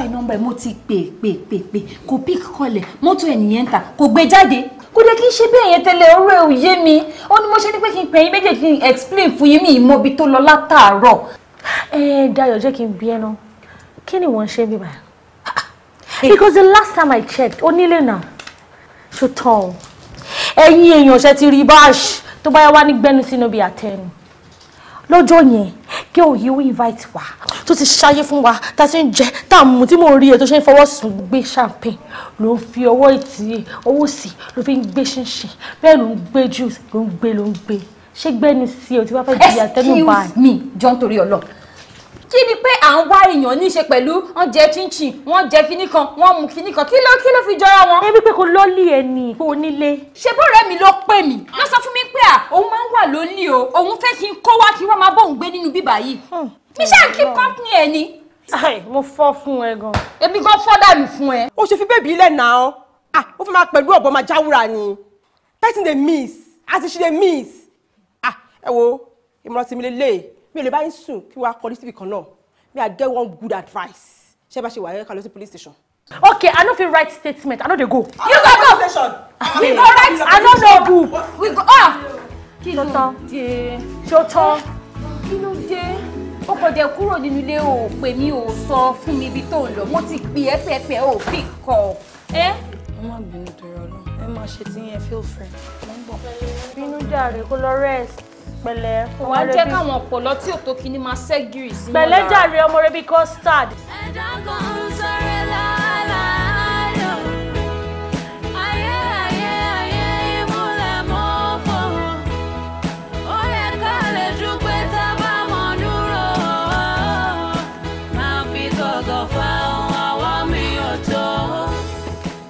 try nọ́mbà ẹ̀ mo ti pè pè pè pè kò pick kọlẹ̀ mọ́tò ẹ̀ nìyẹn ta kò gbé jáde kò lè kí n ṣe bẹ́ẹ̀ yẹn tẹ́lẹ̀ ọ̀rọ̀ ẹ̀ ò yé mi ó ní mo ṣe ní pé kí n pẹ̀yìn méjèèjì kí n explain fún yín mi ìmọ̀ ibi tó lọ látàárọ̀. ẹ Dayọ̀ jẹ́ kí n bí ẹnu kí ni wọ́n ń ṣe bíbá because the last time I checked onílé náà ṣó tán o ẹ̀yin èèyàn ṣe ti rí báṣ tó bá yá wá ní gbẹ́nu sínú bíi àtẹnu lọ́jọ́ yẹn kí òye ó invite wa tó ti ṣayé fún wa tá a ṣe ń jẹ tá a mú tí mò ń rí ẹ tó ṣe ń fọwọ́ sùn gbé champagne ló ń fi ọwọ́ ìtì owó sí ló fi ń gbé ṣinṣin bẹ́ẹ̀ ló ń gbé juice ló ń gbé ló ń gbé ṣé gbẹ́ni sí o tí wàá fẹ́ di àtẹnubá. excuse me John torí ọlọ́ọ̀ kí ni pé à ń wá èèyàn ní í ṣe pẹ̀lú wọ́n jẹ chinchin wọ́n jẹ finikan wọ́n mu finikan kí ló kí ló fi jọra wọn. ẹbí pé kò lọ́ọ̀lì ẹni kò nílé. ṣé bọ́ọ̀rẹ́ mi ló pè mí ló sọ fún mi pé à òun máa ń wà lónìí o òun fẹ́ kí n kó wá kí wọ́n máa bóun gbé nínú bíbá yìí. Hmm. mi ṣáà kí kọ́ńpì ẹ̀ ni. mo fọ́ fún ẹ gan. èmi gan fọ́ dànù fún ẹ. o ṣe fi bébì ilẹ̀ nà ah ó fi máa pẹ̀lú ọ̀bọ máa jáwúra miss as miss ah ẹ wo ìmọ̀ràn tèmi mi ò lè bá yín sùn kí wàá kọrí síbì kan náà may i get one good advice ṣé bá ṣe wà ẹ ká lọ sí police station. okay i no fit write statement i no dey go. you go ah, go we go write i no know do we go ah. kí ló tán ṣó tán kí ló dé ó dé kúrò nínú ilé o pè mí o sọ fún mi ibi tó ń lọ mo ti pè é pẹpẹ o pick call ẹ. ẹ má bínú torí Ọlọ́run ẹ má ṣe tí yẹn feel free mo ń bọ̀. bínú jàre kó lọ rest pẹ̀lẹ́. wà á jẹ́ káwọn ọ̀pọ̀lọ́ tí òtò kìíní máa ṣẹ́gìrì sí wọn lára. pẹ̀lẹ́ jàre ọmọ custard. ẹ̀dá kan ń sọ̀rọ̀ láàlàyò ayé ayé ìmúlẹ̀ mọ́ fọ̀hún ó yẹ ká lè dúpẹ́ tá a bá mọ̀ dúró máa fi gọ̀gọ̀ fa ohun àwa mi ò tó.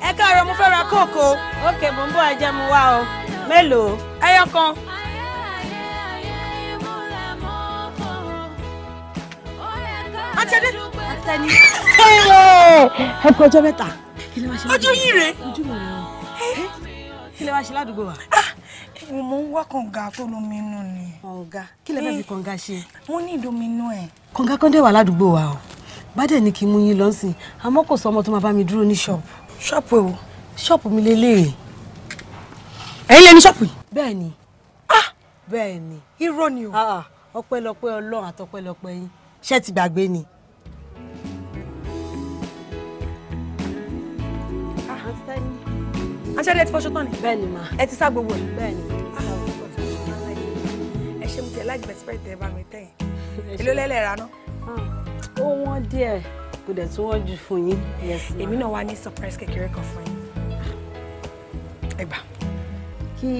ẹ káàárọ̀ mo fẹ́ ra kóòkó ókè mò ń bọ̀ ajá mu wá o mélòó ẹyọ kan. àtẹ̀dé. àtẹ̀ni. ẹ kú ọjọ́ mẹ́ta. ojú yín rèé. ojú mi rèé o. kí lè wá ṣe ládùúgbò wa. Ah! mo ń wá kànga tó lómi inú ni. kànga kí lè fẹ́ fi eh, kànga ṣe. mo ní ìdomi inú ẹ̀. kànga kan dẹ̀ wà ládùúgbò wa o bàdẹ̀ ni kí n mú yín lọ́sìn àmọ́ kò sọ ọmọ tó máa bá mi dúró ní ṣọ́ọ̀bù. ṣọ́ọ̀bù èwo. ṣọ́ọ̀bù mi lélẹ́yìn. ẹ̀yin lè ní ṣọ́ọ̀bù yìí. bẹ́ẹ̀ ni ah! bẹ́ẹ̀ ni. irọ́ ni o. Ah, ọpẹ́lọpẹ́ Ọlọ́run àtọpẹ́lọpẹ́ yín ṣé ti gbàgbé ni. aṣáájú ah, ẹ ti fọṣọ tán ni. bẹ́ẹ̀ni ma. ẹ ti sá gbogbo ah, ẹ. bẹ́ẹ̀ni ma ti sá gbogbo ẹ. ẹ ṣe mo tiẹ̀ láì gbẹ̀sìpẹ̀ tẹ bá mi tẹ̀yìn. (laughs) èló lẹ́lẹ̀ ra ná. Ah, ó wọ́n díẹ̀ kò dẹ̀ tún wọ́n jù fún yín. èmi náà wá ní surprise kékeré kan fún yín. ẹ gbà. kí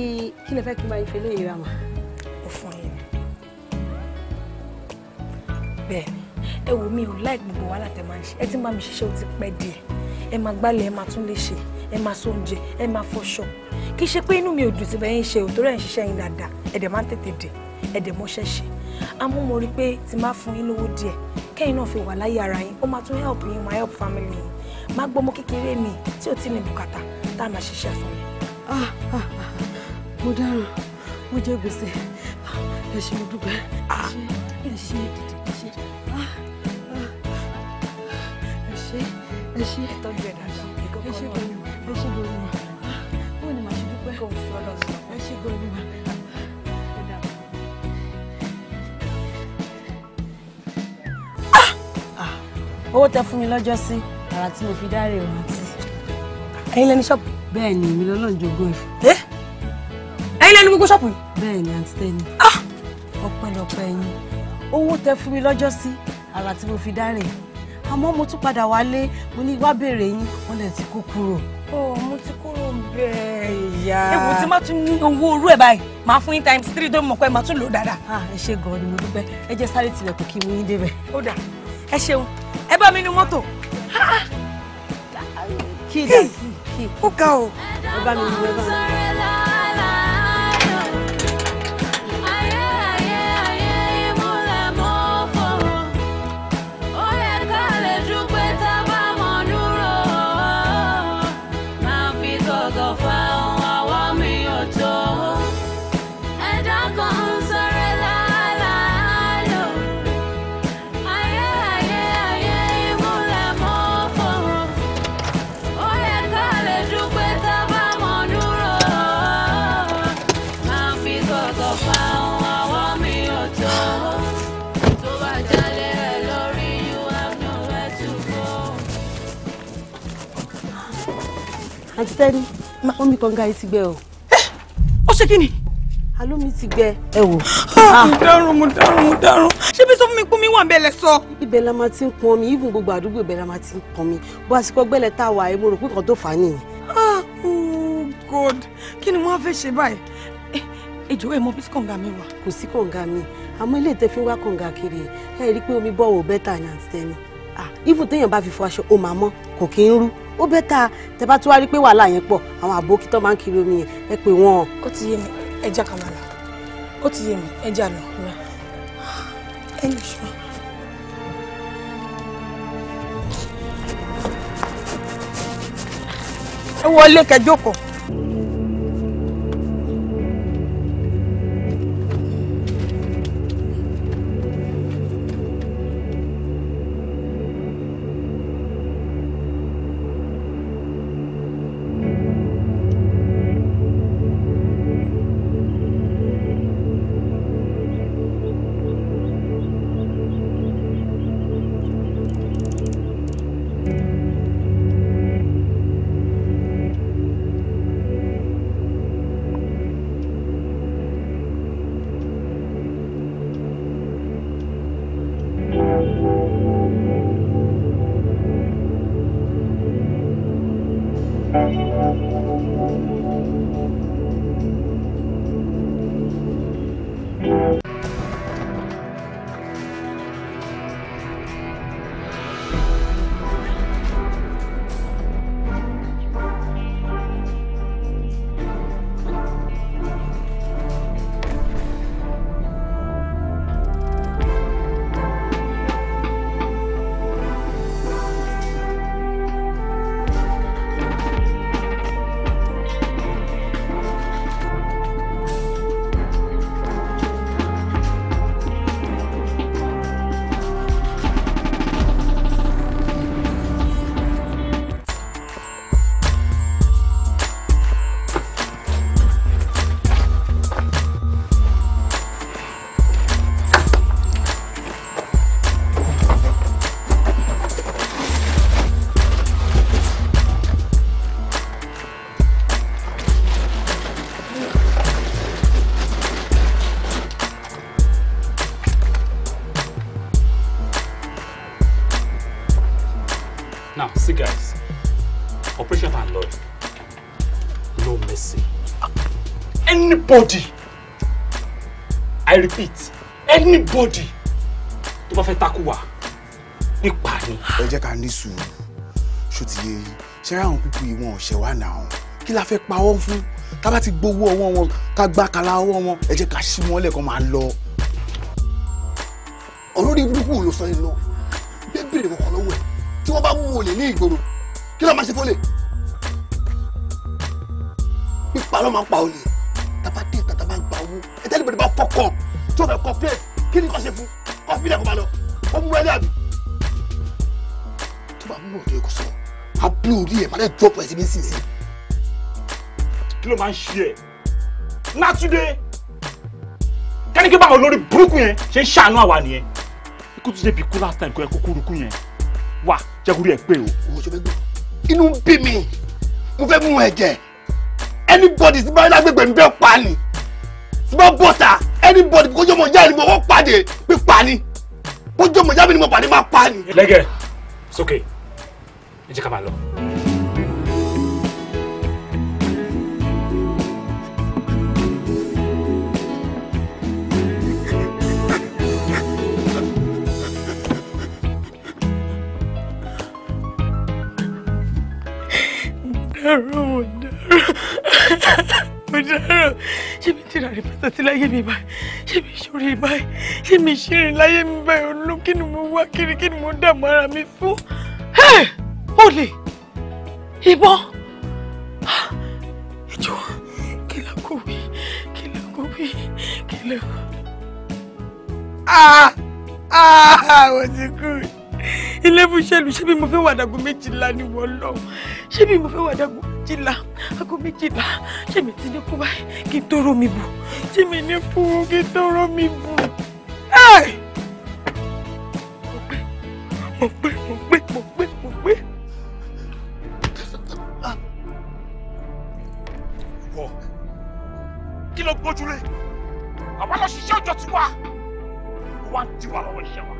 kí lè fẹ́ kí n bá yín fi léyìí ra mà. bẹ́ẹ̀ ẹ wò mí o láì gbogbo wàhálà tẹ máa ń ṣe ẹ ti ń mi ṣiṣẹ́ ó ti pẹ́ díẹ̀ ẹ máa gbálẹ̀ ẹ máa tún lè ṣe ẹ máa so oúnjẹ ẹ máa fọṣọ kì í ṣe pé inú mi ò dùn sí bẹ́ẹ̀ ń ṣe òtò rẹ̀ ń ṣiṣẹ́ yín dáadáa ẹ̀dẹ̀ máa ń tètè dé ẹ̀dẹ̀ mọ́ṣẹ́ ṣe àmọ́ rí i pé tí máa fún yín lówó díẹ̀ kẹ́yìn náà fi wà láyé ara yín ó máa tún help yín máa help family yín máa gbọ́mọ kékeré mi tí ò tí ní bùkátà tá a máa ṣiṣẹ́ fún mi. Ah, ah, ah, mo dáràn mo jẹ gbèsè ẹ ṣe mo dúpẹ́ ẹ ṣe ẹ ṣe ṣe ẹ ṣe ẹ ṣe tọ́jú ẹ̀ dáadáa ẹ ṣe gan ni ẹ ṣe gan ni wọ́n ni màá ṣe dúpẹ́ kò fi ọlọ́sọ ẹ ṣe gan ni mà. owó tẹ fún mi lọ́jọ́ sí àrà tí mo fi dáre òun àti. ẹ̀yin lẹni ṣọ́ọ̀bù. bẹ́ẹ̀ ni èmi lọ́lọ́run jogún ẹ̀. ẹ̀yin lẹ́nu gbogbo ṣọ́ọ̀bù yìí. bẹ́ẹ̀ ni àǹtí tẹ́ni. Ah! ọpẹ́lọpẹ́ yín owó tẹ fún mi lọ́jọ́ sí ara tí mo fi dárè àmọ́ mo tún padà wálé mo ní wá béèrè yín wọ́n lè ti kó kúrò. ó mo ti kúrò bẹ́ẹ̀ ìyá. ewu tí má tún ní owó orú ẹ̀ báyìí máa fún yín times three tó mọ̀ pé máa tún lò ó dáadáa. ẹ ṣe gan-an ni mo dúpẹ́ ẹ jẹ́ sáré tilẹ̀kùn kí mo yín débẹ̀. ó dà ẹ ṣeun ẹ bá mi nu mọ́tò. kí ni kí kí ó ga o. ẹ bá mi nu ẹ sẹ́ni omi kànga yìí ti gbẹ o. Eh, ó ṣe kí ni. alómi ti gbẹ ẹ wò. Ah, ah. mo dárùn mo dárùn mo dárùn ṣé bí sọ mi pé mi wà bẹ́ẹ̀ sọ. ibẹ̀ la máa ti ń pọn mi even gbogbo àdúgbò ibẹ̀ la máa ti ń pọn mi bó a sì kọ́ gbẹ́lẹ̀ tá a wà ẹ mo rò pé kàn tó fà á nìyẹn. ah oh god kí ni wọ́n fẹ́ ṣe báyìí ejò eh, ẹ mọ bí kànga mi wà. kò sí kànga mi àmọ́ ilé ìtẹ́fín wá kànga kiri ẹ rí i pé omi bọ́ọ̀ bẹ́tà ni àǹtí tẹ́ni. even téèyàn bá fi fọ aṣọ ó kò kí ń rú ó bẹ́ ta tẹ bá tún wá rí pé wàhálà yẹn pọ̀ àwọn àbókí tó máa ń kiri omi yẹn ẹ pè wọ́n. ó ti yé mi ẹja kan máa là ó ti yé mi ẹja lọ rà ẹnu ṣùgbọ́n. ẹ wọlé kẹjọ kan. anybody i repeat anybody tó bá fẹ́ takú wa pípa ni. ẹ jẹ́ ká ní sùúrù ṣó ti yé yín ṣẹ́rẹ́ àwọn pípọ̀ yìí wọn ò ṣẹ̀ wá náà kí la fẹ́ pa wọ́n fún tá bá ti gbowó ọwọ́ wọn ká gbá kala ọwọ́ wọn ẹ jẹ́ ká ṣí wọn lẹ́ẹ̀kan máa lọ. olórí burúkú ló sọ yín lọ bẹ́ẹ̀ bèrè kọ̀ọ̀kan tí wọ́n bá mú olè ní ìgboro four point seven six. kí ló máa ń ṣe ẹ látúndé kẹ́ni kí báwọn olórí burúkú yẹn ṣe ń ṣàánú àwa nìyẹn ikú tún débi kú last time kó yẹ kó kúrukú yẹn wá jẹ́kúrú ẹ̀ pé o. owó ṣe fẹ́ gbọ́ inú ń bí mi mo fẹ́ mú ẹ̀jẹ̀ anybody tí bá yẹn lágbègbè mi fẹ́ pa ni tí bá bọ̀tà anybody kó jọmọ ìyá mi wọ́n pàdé mi pa ni kó jọmọ ìyá ni mo pàdé máa pa ni. lẹ́gẹ̀ẹ́ sókè ẹ jẹ́ ká máa lọ. dárò mo dárò mo dárò ṣé mi ti rà rí pátá sí láyé mi báyìí ṣé mi ṣòro báyìí ṣé mi ṣeré láyé mi báyìí olú kí ni mo wá kiri kí ni mo dààmú ara mi fún. olè ìbọn ìjọ kí la kò wí kí la kò wí kí la. mo ti kú elébùṣẹ́lù ṣé bí mo fẹ́ wà dàgbo méjìlá ni wọ́n lọ ṣé bí mo fẹ́ wà méjìlá aago méjìlá ṣé ti ní kú báyìí kí n tóró mi bù ṣé ní kú kí n tóró mi bù. mo pé mo pé mo pé mo pé. wọ kí ló gbójúlé àwa lọ ṣiṣẹ́ ọjọ́ tiwa wọ́n á ti wà lọ́wọ́ iṣẹ́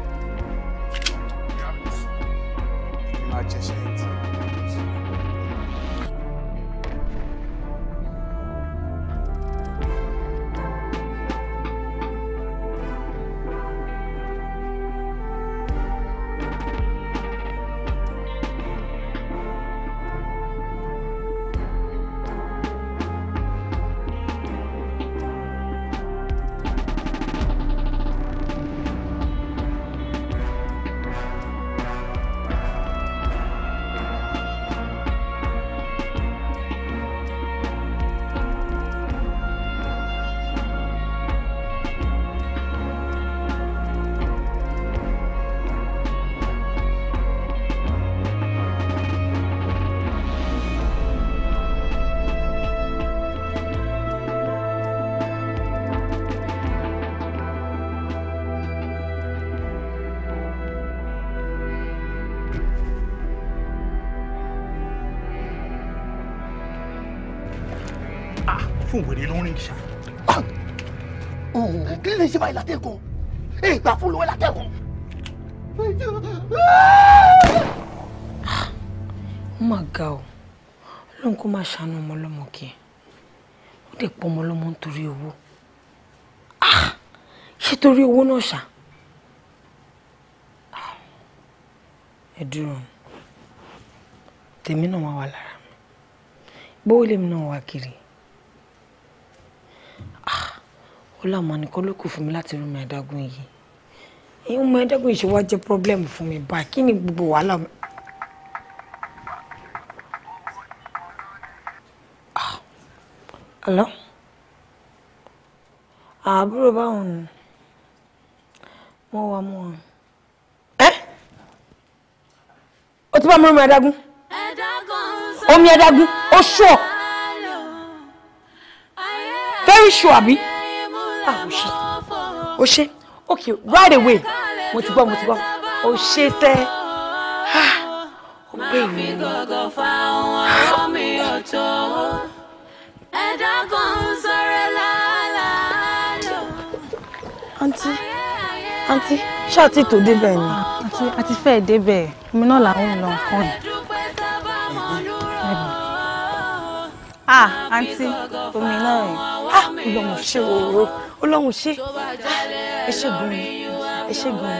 adjacent fún wèrè ló ń rìn ṣá. kí ló lè ṣe báyìí látẹ̀kùn ìgbà fún lówó látẹ̀kùn. ó mà ga o lóun kó máa ṣàánú ọmọ ọlọ́mọ kí ó dẹ̀ pọ̀ ọmọ ọlọ́mọ nítorí owó ah! ṣé torí owó náà ṣá. ẹ dúró tèmi náà wà wà lára mi gbówó lèmi náà wà kiri ó láwọn nìkan ló kù fún mi láti rí ọmọ ẹ̀dágún yìí ìyẹn ọmọ ẹ̀dágún yìí ṣe wá jẹ́ pọ́blẹ́mù fún mi báyìí kí ni gbogbo wàhálà mi. Ah, hello? Ah, àbúrò báwo ni? Mo wà mo wà. Ẹ́ o ti bá mi rí ọmọ ẹ̀dágún? Omi ẹ̀dágún, ó ṣùọ̀. Very sure àbí? Sure, ah o ṣe o ṣe okay right away mo ti gbọ́ mo ti gbọ́ o ṣe tẹ́ o pé mi. àǹtí àǹtí ṣáà tí tò débẹ̀ ni. àti àti fẹ́ẹ̀ débẹ̀ mi náà làwọn ò lọ yìí. ah àǹtí omi náà rìn ah ọlọ́run ṣe òróró ọlọ́run ṣe ẹ ṣe gùn ẹ ṣe gùn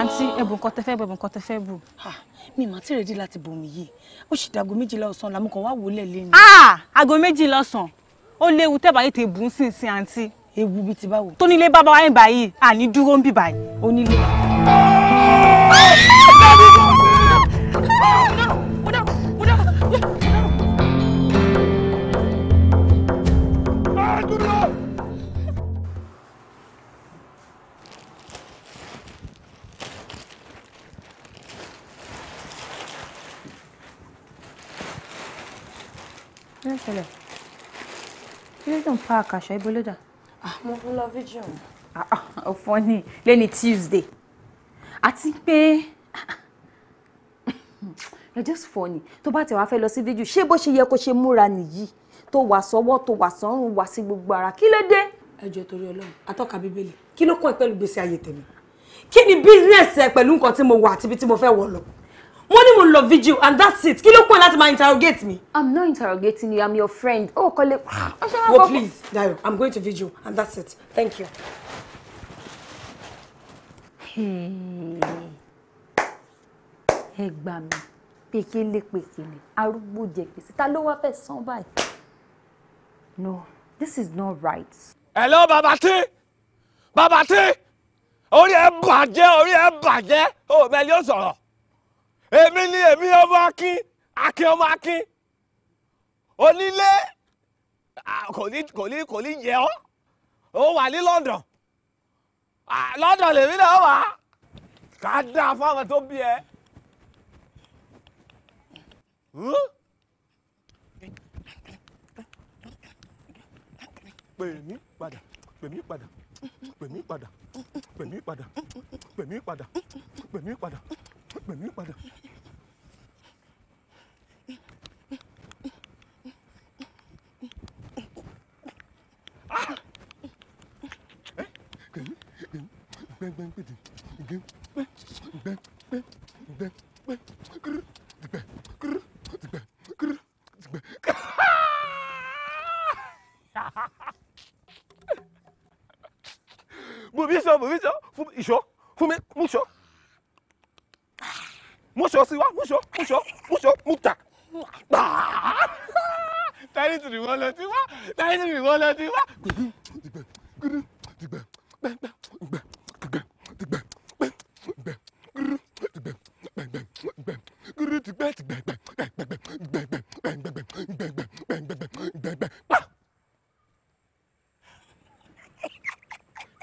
àǹtí ẹ̀bùn kan tẹ́fẹ́ bù ẹ̀bùn kan tẹ́fẹ́ bù. Ah, mi mà tí ì rèdí láti yìí ó sì dàgó méjìlá ọ̀sán làmúkọ̀ wá wò lẹ̀ lẹ́nu. ah aago méjìlá ọ̀sán ó léwu tẹ́ báyìí tè bù ú sìn sí àǹtí. ewu bíi ti báwo. tó nílé bábá wáyé báyìí àní dúró ń bì báyìí onílé. Ah, kí ló ṣẹlẹ̀ kí ló dùn pa àkàṣọ ibo ló dà. mo Ah, lọ fíjì ọ̀hún. ọ̀fọ̀ ni Tuesday àti pé you're just funny To ba tẹ̀ wa fẹ́ lọ sí fíjì ṣé bó ṣe yẹ kó ṣe múra nìyí tó wà sọ́wọ́ tó wà sọ́rùn wà sí gbogbo ara kí ló dé. ẹ jọ̀ọ́ torí Ọlọ́run atọ́ka bíbélì kí ló kọ́ ẹ pẹ̀lú gbèsè ayé tèmi kí ni bísíǹnẹ̀sì ẹ mo wà àti ibi tí mo fẹ́ wọ̀ lọ mo ní mo lọ vigil and that's it kí ló pọ̀ láti máa interrogate me. i'm not interrogating you i'm your friend o kò lè. wo please Dayo i'm going to vigil and that's it thank you. Hmm. ẹ gbà mí pékélé pékélé arúgbó jẹ gbèsè ta ló wá fẹ́ san báyìí. no this is not right. hello bàbá tí bàbá tí orí ẹ bàjẹ́ orí ẹ bàjẹ́ o oh, mẹ́lí ó sọ̀rọ̀ èmi ni èmi ọmọ akin akin ọmọ akin onílé kò ní kò ní kò ní yẹ ọ́ ó wà ní London London lèmi náà wà ká dáa fáwọn tó bí ẹ. pè mí padà pè mí padà pè mí padà pè padà pè padà pè padà pè mí padà. Bobisho, Bobisho, Fou, Isho, Fou, Moucho múṣọ sí wa múṣọ múṣọ múṣọ múta. táyé tìrì wọn lọ sí wa táyé tìrì wọn lọ sí wa.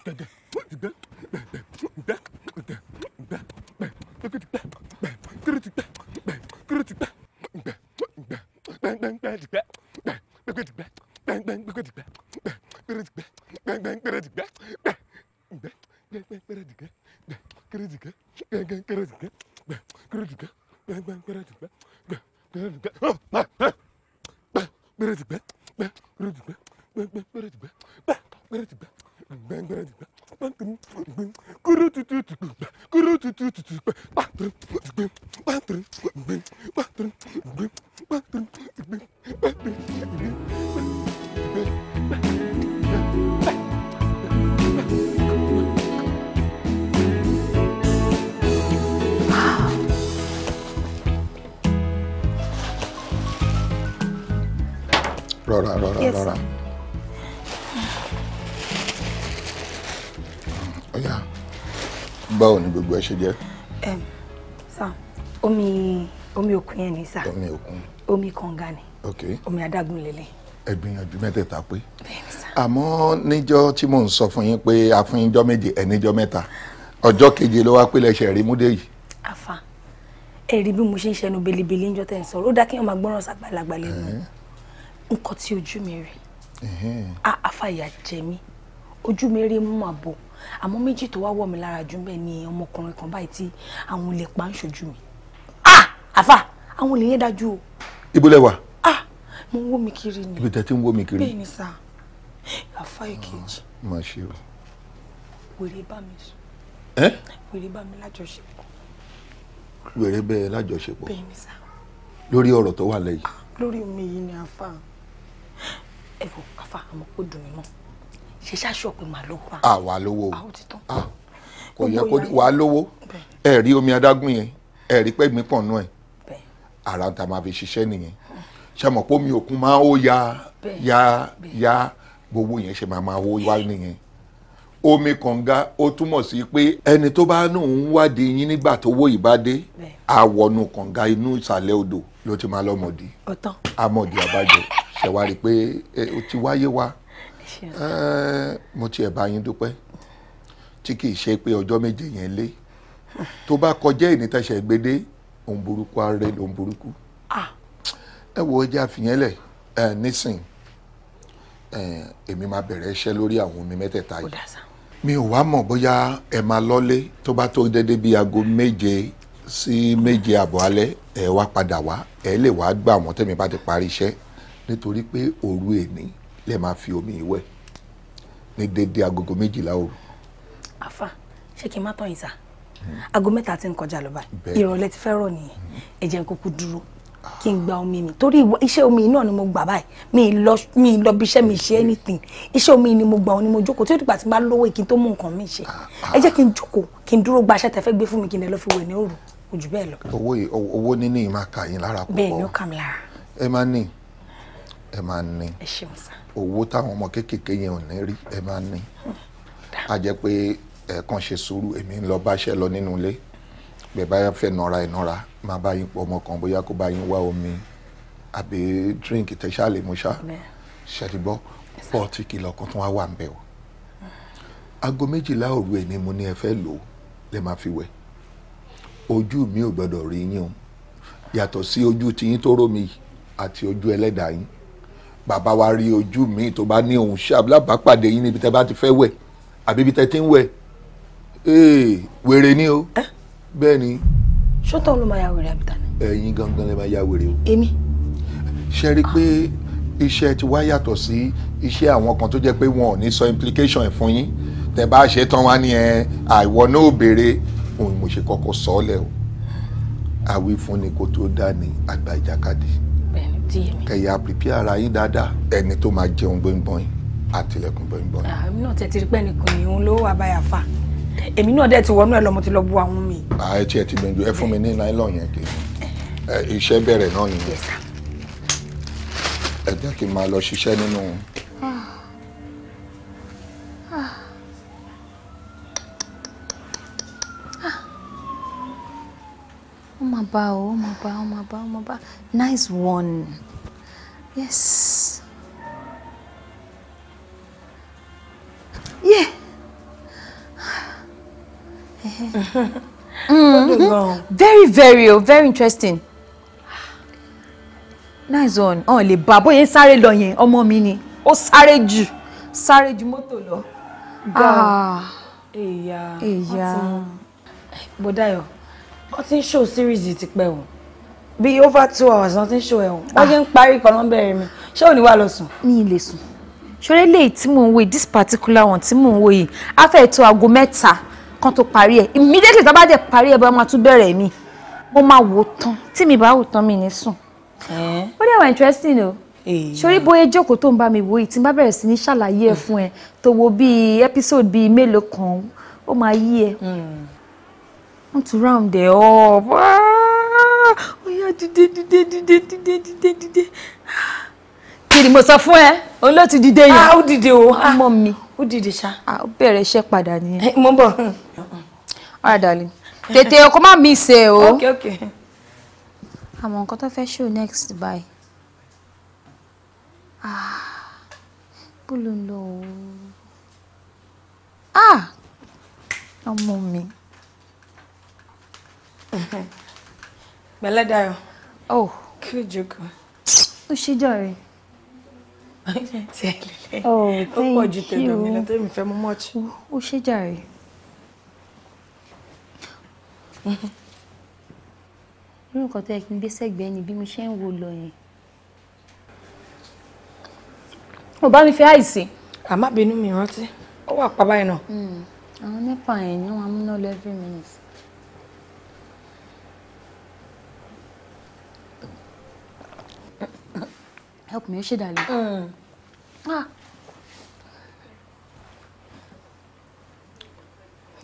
Dede. (laughs) (laughs) gbẹngbẹngbẹrẹdìgbẹ. àmọ́ níjọ́ tí mò ń sọ fún yín pé a fún yín jọ́ méje ẹ̀ níjọ́ mẹ́ta ọjọ́ keje ló wá pélé ṣe rí múdé yìí. àfa ẹ rí bí mo ṣe ń ṣẹnu belebele ń jọ tẹ̀ ń sọ̀rọ̀ ó dá kí wọ́n máa gbọ́ràn sàgbàlagbà lẹ́nu nǹkan tí ojú mi rí àfa ìyà jẹ mí ojú mi rí mú àbò àmọ́ méjì tó wá wọ̀ mí lára jù bẹ́ẹ̀ ni ọmọkùnrin kan báyìí tí àwọn olè pa ń ṣojú mi ah àfa àwọn olè yẹn dájú o. ibùlẹ̀ wà. ah mo ń wó mi kiri ni. ibi tí ń wó mi kiri. bẹ́ẹ̀ ni sáà àfa ah, ìkejì. má ṣe o. wèrè bá mi sùn. ẹ. wèrè bá mi lájọṣepọ̀. wèrè bẹ́ẹ̀ lájọṣepọ̀. bẹ́ẹ̀ ni sá. lórí ọ̀rọ̀ tó wà lẹ́yìn. Ah, lórí omi yìí ni àfa ẹ kò àfa àmọ́ kò dùn mí mọ́ ṣe ṣáṣọ pé màá lówó. Ah, àwa lówó o kò yẹ kó wàá lówó ẹ rí omi adágún yẹn ẹ rí pẹ́ẹ́gbìn pọ̀ nù ẹ̀ ara ta máa fi ṣiṣẹ́ nìyẹn ṣe mọ̀ pé òkun máa ó ya ya ya gbogbo yẹn ṣe máa máa wó wá nìyẹn omi kànga ó túmọ̀ sí pé ẹni tó bá nù ń wádìí yín nígbà tó wó ìbádé àwọnù kànga inú ìsàlẹ̀ odò ló ti máa lọ́mọdì amọ̀dì àbájọ ṣẹ̀wárí pé ó ti wáyé wa mo tiẹ̀ bá yín dúpẹ́ tí kì í ṣe pé ọjọ́ méje yẹn lé tó bá kọjá ìnítẹ̀sẹ̀ gbédé òun burúkú arẹ lòun burúkú ẹ wo ẹja fìyẹn lẹ̀ nísìnyí èmi máa bẹ̀rẹ̀ iṣẹ́ lórí àwọn omi mẹ́tẹ̀ẹ̀ta yìí mi ò wá mọ̀ bóyá ẹ máa lọ́lé tó bá tó déédéé bíi aago méje sí méje àbọ̀ alẹ́ ẹ wá padà wá ẹ lè wá gbà wọ́n tẹ́mi bá ti parí iṣẹ́ nítorí pé òru èní lè máa fi omi ìwẹ̀ ní déédéé agogo méjìlá òru. àfa ṣé kí n má tọ̀yìn sá hmm. aago mẹ́ta ti ń kọjá lọ báyìí ìrọ̀lẹ́ ti fẹ́ rọ̀ nìyẹn ẹ jẹ́ kúkú dúró kí n gba omi mi torí iṣẹ́ omi náà ni mo gbà báyìí mi lọ bí iṣẹ́ mi ṣe anything iṣẹ́ omi ni mo gbà òun ni mo jókòó tí ó dìgbà tí n bá lówó kí n tó mú nǹkan mi ṣe ẹ jẹ́ kí n jókòó kí n dúró gba aṣẹ́ tẹ́fẹ́ gbé fún mi kí n lọ fi wẹ̀ ní òru ojú bẹ́ẹ̀ lọ. owó owó níní yìí máa kà yín lára púpọ̀ bẹ́ẹ̀ ni ó kà mí lára. ẹ máa ní ẹ máa ní owó táwọn ọmọ kéékèèké yẹn ò ní rí ẹ máa ní hmm. a jẹ́ pé ẹ̀ẹ̀kan ṣe sùúrù èmi ń lọ báṣẹ́ lọ nínú ilé bẹ́ẹ̀ bá fẹ́ nọra ẹ̀ nọra máa bá yín pọ̀ ọmọ kan bóyá kó bá yín wá omi àbí drink tẹ̀sà lè mú ṣá ṣẹ̀dígbọ́ pọ́ọ̀tì kìlọ̀ kan tó wá wà ń bẹ̀ o. aago méjìlá òru ẹ̀ ni mo ní ẹ fẹ́ lò ó lè máa fi wẹ̀ ojú mi ò gbọ́dọ̀ rí yín o yàtọ̀ sí ojú tiyín tó rò mí àti ojú ẹlẹ́dàá yín bàbá wa rí ojú mi tó bá ní òun ṣe àbúlábàápàdé yín níbi tẹ́ bá ti fẹ́ wẹ̀ àbí ibi ti ń wẹ̀ ee wèrè ni o. Eh? bẹ́ẹ̀ ni. ṣótọ́ ló máa ya wèrè àbíta tani. ẹ̀yin gangan lè máa ya wèrè o. èmi. ṣe rí i pé iṣẹ́ ti wá yàtọ̀ sí iṣẹ́ àwọn kan tó jẹ́ pé wọn ò ní sọ implication ẹ̀ fún yín tẹ̀ bá ṣe tán wá ní ẹ àìwọ náà béèrè òun mo ṣe kọ́kọ́ sọ ọ́ lẹ̀ o àwí fún ni kó tó dá ní àgbà ìjàkadì kẹ̀yà prepare ara yín dáadáa ẹni tó máa jẹun gbẹ̀ngbọ̀n àtìlẹ́kùn gbẹ̀ngbọ̀n. àmì ah, náà tẹ̀ ti rí pẹ́ẹ́nì kùnìún ló wà báyà fà èmi náà dẹ̀ ti wọnú ẹ̀ lọ́mọ ti lọ bu àwọn mi. àá tiẹ̀ ti gbìyànjú ẹ fún mi ní nylon yẹn kì í iṣẹ́ bẹ̀rẹ̀ náà yìí ẹ jẹ́ kí n máa lọ ṣiṣẹ́ nínú. ó o ó mà bá nice one yes. Yeah. Mm-hmm. very very oh, very interesting nice one ọ̀n lè bá bóyá sáré lọ yẹn ọmọ mi ni ó sáré jù sáré ju mọ́tò lọ. èyà èyà bọ́dáyọ̀ wọ́n ti ń show series ti pẹ́ o bíi over two hours wọ́n ti ń show ẹ̀ o wọ́n ti ah. ń parí kan ló ń bẹ̀rẹ̀ mi ṣé ò ní wà lọ sùn. mi ì lè sùn ṣọlẹ́ lè tí mò ń wò this particular one tí mò ń wò yìí á aago mẹ́ta kan tó parí ẹ̀ immediately tá bá dẹ̀ parí ẹ̀ bá máa tún bẹ̀rẹ̀ mi mo máa wò tán tí mi bá wò tán mi ní sùn. ó dẹ̀ wà interesting o sori bóyá jókòó tó ń bá mi wò yìí tí n bá bẹ̀rẹ̀ sí ní ṣàlàyé ẹ̀ fún ẹ tó wo bíi episode bíi mélòó kan ó máa yí ẹ. Hmm. wọ́n tún round ẹ̀ up ó yá dìde dìde dìde dìde dìde dìde. kí ni mo sọ fún ẹ olóòtú dìde yẹn. a ó dìde o. ọmọ mi ó dìde ṣá. ó bẹ̀rẹ̀ iṣẹ́ padà nìyẹn. mo bọ̀. ọ̀rọ̀ dàlí tètè ọkọ má mi ṣe o. ok ok. àmọ́ nǹkan tó fẹ́ show next bye. Ah, bó ló ń lọ o. Ah, ọmọ mi. Bẹ́lẹ́dayọ̀. Oh. Kí o jókòó. Ó ṣe jàre. (laughs) ti ẹ lélẹ̀ oh, ó pọ̀ ju tẹ̀lé mi lọ tẹ́mi fẹ́ mú mọ́ọ̀tì. ó ṣe jàre. irú nǹkan tó yẹ kí n gbé sẹ́gbẹ̀ẹ́ ni bí mo ṣe ń wo lọ yẹn. ò bá mi fi àìsí. àmọ́ mi rántí ó wà pa náà. Hmm, àwọn nípa ẹ̀yìn wọn amúná lọ every minute. help me mm. ah. ó ṣe dàlẹ́.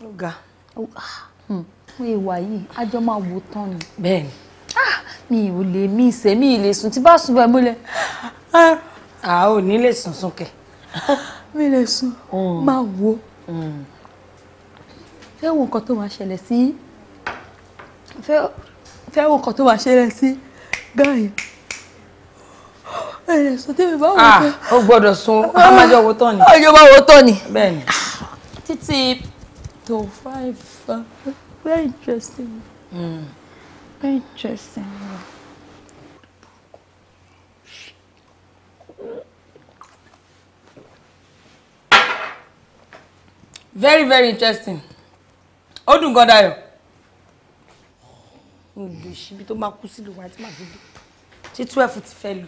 ó ga. ìwà yìí ajọ́ máa wò tán ni. bẹ́ẹ̀ni. Ah, mi ò lè mi se mi ì lè sùn tí bá sùn Ah. mọ́lẹ̀. a ò ní lè sùn sunkẹ. mi lè sùn mm. máa wo. Mm. fẹ́ wo nǹkan tó máa ṣẹlẹ̀ sí fẹ́ wo nǹkan tó máa ṣẹlẹ̀ sí gáà ẹ̀rẹ̀ sọ tẹ́mi bá wò tán. Ah, ó gbọ́dọ̀ sun a máa jọ wo tán ni. ọjọ́ ah, bá wo tán ni. bẹ́ẹ̀ni. Ah, títí tó five very interesting. Hmm. very interesting. very very interesting ó dùn gan Dayọ̀ olùsíbi tó máa kú sílùú wa tí màá fi dé tí twelve ti fẹ́ lù.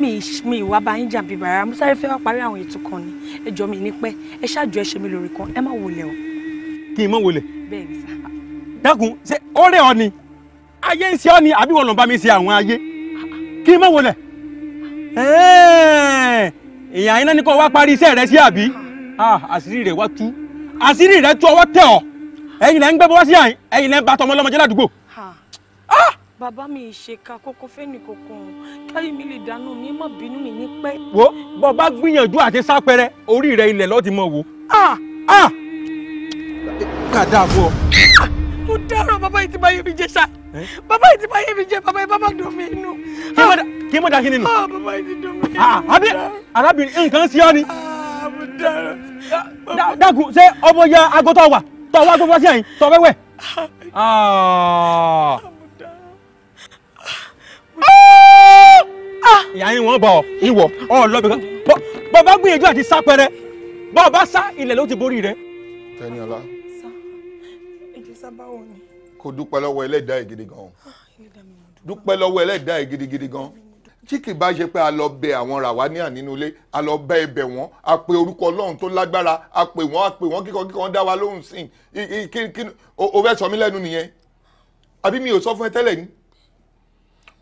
mi mi ìwà bá yín jàǹbí bàrà mo sáré fẹ́ wá parí àwọn ètò kan ni ẹ mi ní pẹ́ ẹ ṣáàjọ ẹ ṣe mi lórí kan ẹ má wọlé o. kí n má wọlé. bẹ́ẹ̀ni sá. dákun ṣe ọ̀rẹ́ ọ ni ayé ń ṣe ọ ni àbí wọn lọ bá mi ṣe àwọn ayé kí n má wọlé. ìyá iná ni kò wá parí iṣẹ́ rẹ sí àbí àṣírí rẹ wá tú àṣírí rẹ tú ọwọ́ tẹ̀ ọ́ ẹ̀yin lẹ́ ń gbẹ́ bọ́ sí àyìn ẹ̀yin lẹ́ ń bá tọmọ lọ́mọdé ládùúgbò. ah bàbá mi ìṣèkà kókó fẹ́ni kankan káyọ̀ mi lè dànù mi má bínú mi ní pẹ́. wo bó bá gbìyànjú àti sápẹrẹ orí rẹ ilẹ̀ lọ́ọ̀tì Ah, ah. kàdá bọ̀. mo dárò bàbá yìí ti bá yé mi jẹ ṣá bàbá yìí ti bá yé mi jẹ bàbá yìí bàbá dùn mí inú. kí mo da kí nínú. Ah, bàbá yìí ti dùn mí inú. Ah, arábìnrin nǹkan sí ọ ni. Ah, mo dárò. dákun ṣé ọmọ ya agotọ wa tọ wa àyìn tọ wẹwẹ. ìyá yín wọ́n bọ̀ ìwọ̀ ọlọ́bì kan bàbá gbìyànjú àti sá pẹrẹ bàbá sá ilẹ̀ ló ti borí rẹ. Tẹniọlá kò dúpẹ́ lọ́wọ́ ẹlẹ́dàá ẹ̀ gidi gan ah, dúpẹ́ lọ́wọ́ ẹlẹ́dàá ẹ̀ gidigidi gan tí kì bá ṣe pé a lọ bẹ àwọn ràwáníà nínú ilé a lọ bẹ ẹ̀bẹ̀ wọn a pe orúkọ Ọlọ́run tó lágbára a pe wọn a pe wọn kíkan kíkan dá wa lóhùn sí i kí kí o fẹ́ sọ mí lẹ́nu nìyẹn àbí mi ò sọ fún ẹ tẹ́lẹ̀ ni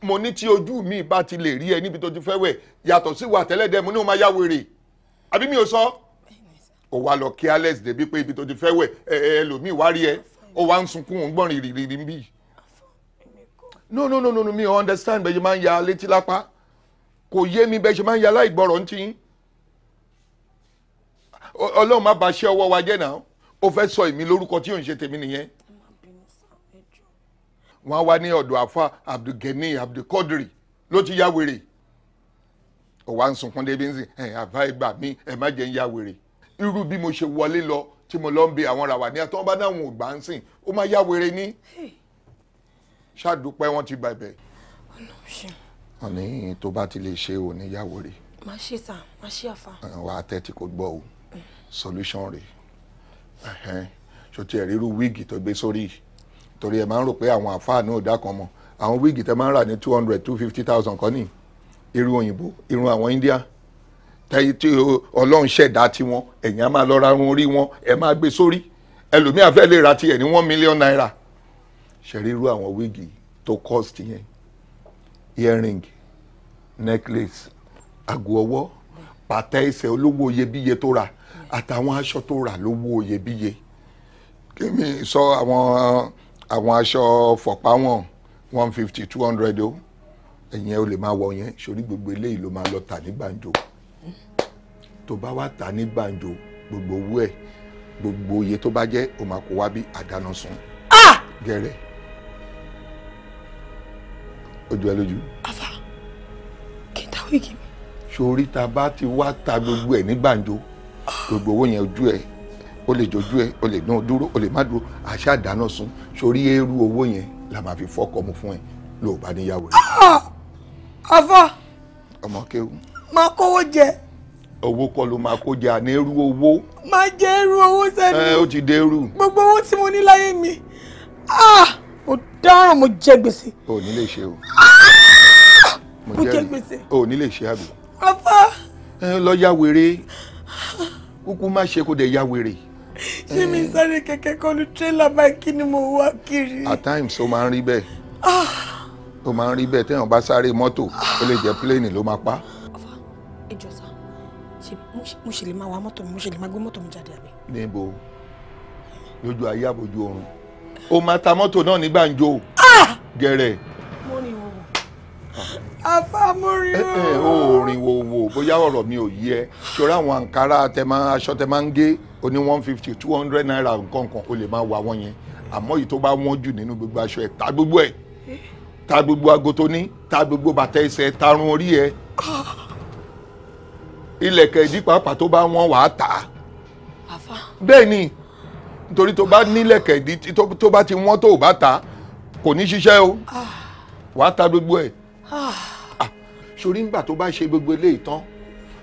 mo ní tí ojú mi bá ti lè rí ẹ níbi tó ti fẹ́ wẹ̀ yàtọ̀ sí wa tẹ́lẹ̀dẹ́ mo ní o máa yá wèrè àbí mi ò sọ ò wá lọ kí alex débi pé ibi tó ti fẹ́ wẹ̀ ẹ ẹ lòmíì wá rí ẹ ó wá ń sunkún òun gbọ́n rìnrìn rìnrìn bí. no no no no mi ò understand bẹ́ẹ̀ ṣe máa ń ya létí lápá kò yé mi bẹ́ẹ̀ ṣe máa ń ya aláìgbọ́rọ̀ ń tiyín ọlọ́run má bà ṣẹ́ ọwọ́ wa jẹ́ náà ó fẹ́ sọ èmi lórúkọ tí ò ń ṣe tèmi nìyẹn wọ́n á wá ní ọ̀dọ̀ àfa abdulgani abdulkadri ló ti ya wèrè ọ̀wá ń sunkún débi ń sìn ẹ̀ àfa ẹgbà mi ẹ̀ má jẹ́ ń ya wèrè irú bí mo ṣe wọlé lọ tí mo lọ ń bi àwọn ràwà ní àtọ́wọ́n bá dáhùn ògbà ń sìn ó máa ya wèrè ní ṣàdúpẹ́ wọn ti bàbẹ̀. ọ̀nì tó bá ti lè ṣe òní ya wèrè. má ṣe sà má ṣe àfa. wà á tẹ́tí kó gbọ́ o mm. solution rèé ṣòtí ẹ̀rí irú wíìgì tó gbé sórí yìí torí ẹ máa ń rò pé àwọn àfáà ní òdà kan mọ àwọn wíìgì tẹ máa ń rà ní two hundred two fifty thousand kan ní irun òyìnbó irun àwọn India tẹ́yí tí ọlọ́run ṣẹ̀dá tiwọn ẹ̀yin á máa lọ ra irun orí wọn ẹ máa gbé sórí ẹlòmíà fẹ́ lè ra tiẹ̀ ní one million naira ṣẹ̀rí irú àwọn wíìgì tó cost yẹn earring necklace àgọ́ ọwọ́ bàtà ẹsẹ̀ olówó iyebíye tó rà àtàwọn aṣọ tó rà lówó iyebíye kí mi sọ àwọn. Uh, àwọn aṣọ fọ̀pá wọn one fifty two hundred o ẹ̀yìn ẹ̀ o lè máa wọ̀ yẹn sórí gbogbo eléyìí ló máa lọ tà ní gbàǹjo tó bá wá tà ní gbàǹjo gbogbo owó ẹ̀ gbogbo iye tó bá jẹ́ o máa kó wá bí àdáná sun gẹ̀rẹ́ ojú ẹ lójú. afa kí n ta wíìgì mi. sórí ta bá ti wá ta gbogbo ẹ̀ ní gbàǹjo gbogbo owó yẹn ojú ẹ̀ o lè jojú ẹ o lè gbọ́n dúró o lè má dúró àṣà dáná sun sórí eérú owó yẹn la máa fi fọ́kọ mu fún ẹ ló bá níyàwó rẹ. Ah! àfà ọmọ kéwù. máa kówó jẹ. owó kọ́ ló máa kó jẹ àní eérú owó. máa jẹ eérú owó sẹ́nu. ẹ ó ti dé eérú. gbogbo owó tí mo ní láyé mi ah! mo dáràn mo jẹ gbèsè. o ò ní lè ṣe o. Ah! mo jẹ gbèsè. o ò ní lè ṣe àbí. àfà. ẹ lọ ya wèrè kúkú má ṣe kó dẹ̀ ya wèrè ṣé mi eh. sáré kẹ̀kẹ́ kọlu tírélà báyìí ni mo wá kiri. at times ó máa ń rí bẹ́ẹ̀ ah. ó máa ń rí bẹ́ẹ̀ téèyàn bá sáré mọ́tò ó lè jẹ́ pílẹ́ẹ̀nì ló máa pa. ọ̀fà ìjọ sá mo ṣe lè máa wa mọ́tò mi mo ṣe lè máa gbé mọ́tò mi jáde àbí. níbo lójú ayé àbójú oorun ó máa ta mọ́tò náà ní gbàǹjo ah! gẹ̀rẹ̀. mo rìn wò wò àfa mo rìn wò wò. ẹ ẹ o rìn wò wò bóyá ọ̀rọ̀ mi ò yé ṣọ́ra àwọn àǹkárá aṣọ tẹ máa ń gé o ní one fifty two hundred naira nǹkan kan o lè máa wà wọ́n yẹn àmọ́ èyí tó bá wọ́n jù nínú gbogbo aṣọ ẹ̀ ta gbogbo ẹ̀ ta gbogbo aago tó ní ta gbogbo bàtà ẹsẹ̀ tarun orí ẹ̀ ilẹ̀kẹ̀ ìdí pàápàá tó bá wọ́n wàá tà á bẹ́ẹ̀ ni nítorí tó bá nílẹ̀kẹ̀ ìdí tó bá ti wọ́n tó bá tà á kò ní ṣiṣẹ́ o ah. wàá ta gbogbo ẹ̀ ah. Ah, sórí ńgbà tó bá ṣe gbogbo eléyìí tán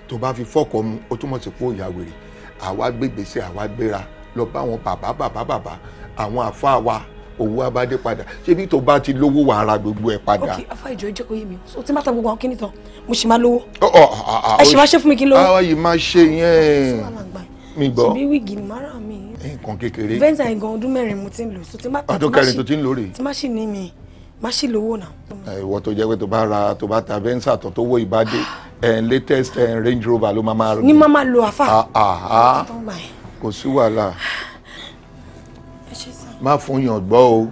tó bá fi fọ́kọ̀ mu ó túmọ̀ sí pé ó yà wèrè àwa gbégbèsè àwa gbéra lọ bá àwọn bàbá bàbá bàbá àwọn àfa wa owó abájẹ padà ṣébi tó bá ti lówó wà ara gbogbo ẹ padà. ok afa ìjọ ìjọ oyè mi so tí n bá ta gbogbo àwọn kíni tán mo sì máa lówó. ẹ sì máa ṣe fún mi kí n lówó. àwọn yìí máa ṣe yẹn mi gbọ́. ṣèbí wíìgì ni màrà mi. nǹkan kékeré. vẹ́ńtà ìgàn ọdún mẹ́rin mo ti ń lò so tí n bá ta ti máa ṣì ní mi má sì lówó náà. ìwọ tó jẹ́ pé tó bá ra tó bá ta venza tó tó wó ìbàdí latest range rover ló máa máa. ní máa máa lo àfà. Ah, ah, ah. kò sí wàhálà má fún yàn gbọ́ o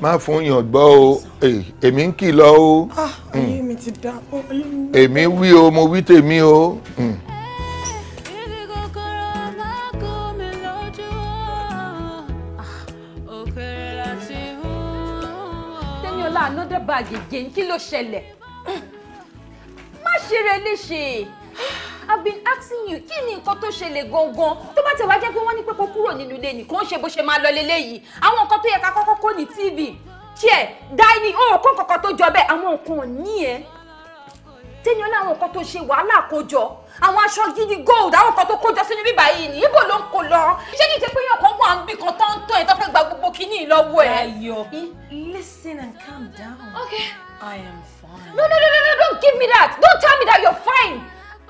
má fún yàn gbọ́ o eh, èmi ń kìlọ̀ o hmm. èmi wí o mo wí tèmi o. Mm. bag again kí ló ṣẹlẹ̀ má ṣe rẹ léṣe i've been asking you kí ni nǹkan tó ṣẹlẹ̀ gangan tó bá ti wá jẹ́ pé wọ́n ní pé kó kúrò nínú ilé nìkan ṣe bó ṣe máa lọ leléyìí àwọn nǹkan tó yẹ ká kọ́kọ́ kó ní tv chair dining ó kó nǹkan kan tó jọ bẹ́ẹ̀ àwọn nǹkan ní ẹ tẹ́ni ọlá àwọn nǹkan tó ṣe wàhálà kó jọ àwọn aṣọ gidi gold àwọn kan tó kójọ sínú bíbá yìí ni ibo ló ń kó lọ ṣé kìí ṣe pé yàn kan wà ń bì kan tó ń tán ẹ tó fẹ́ gba gbogbo kinní lọ́wọ́ ẹ. Ayọ̀ listen and calm down. Okay. I am fine. No no no no no don't give me that don't tell me that you're fine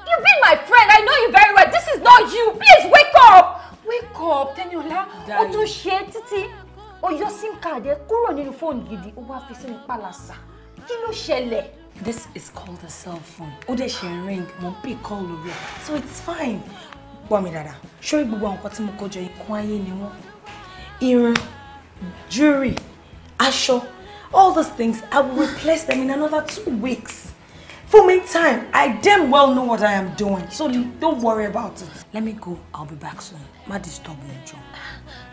you've been my friend I know you very well this is not you please wake up wake up Tẹniọlá o tún ṣe títí o yọ sim card ẹ kúrò nínú fóònù gidi o wá fi sínú pàlàsà kí ló ṣẹlẹ̀. This is called a cell phone. Ode she ring, mo ń call lórí So it's fine. Gbọ́ mi dada, ṣórí gbogbo àwọn nǹkan tí mo kó jọ ikún ni wọ́n. Irun, jewelry, asho, all those things, I will replace them in another two weeks. For meantime, I damn well know what I am doing, so don't worry about it. Let me go, I'll be back soon. Má disturb me, John.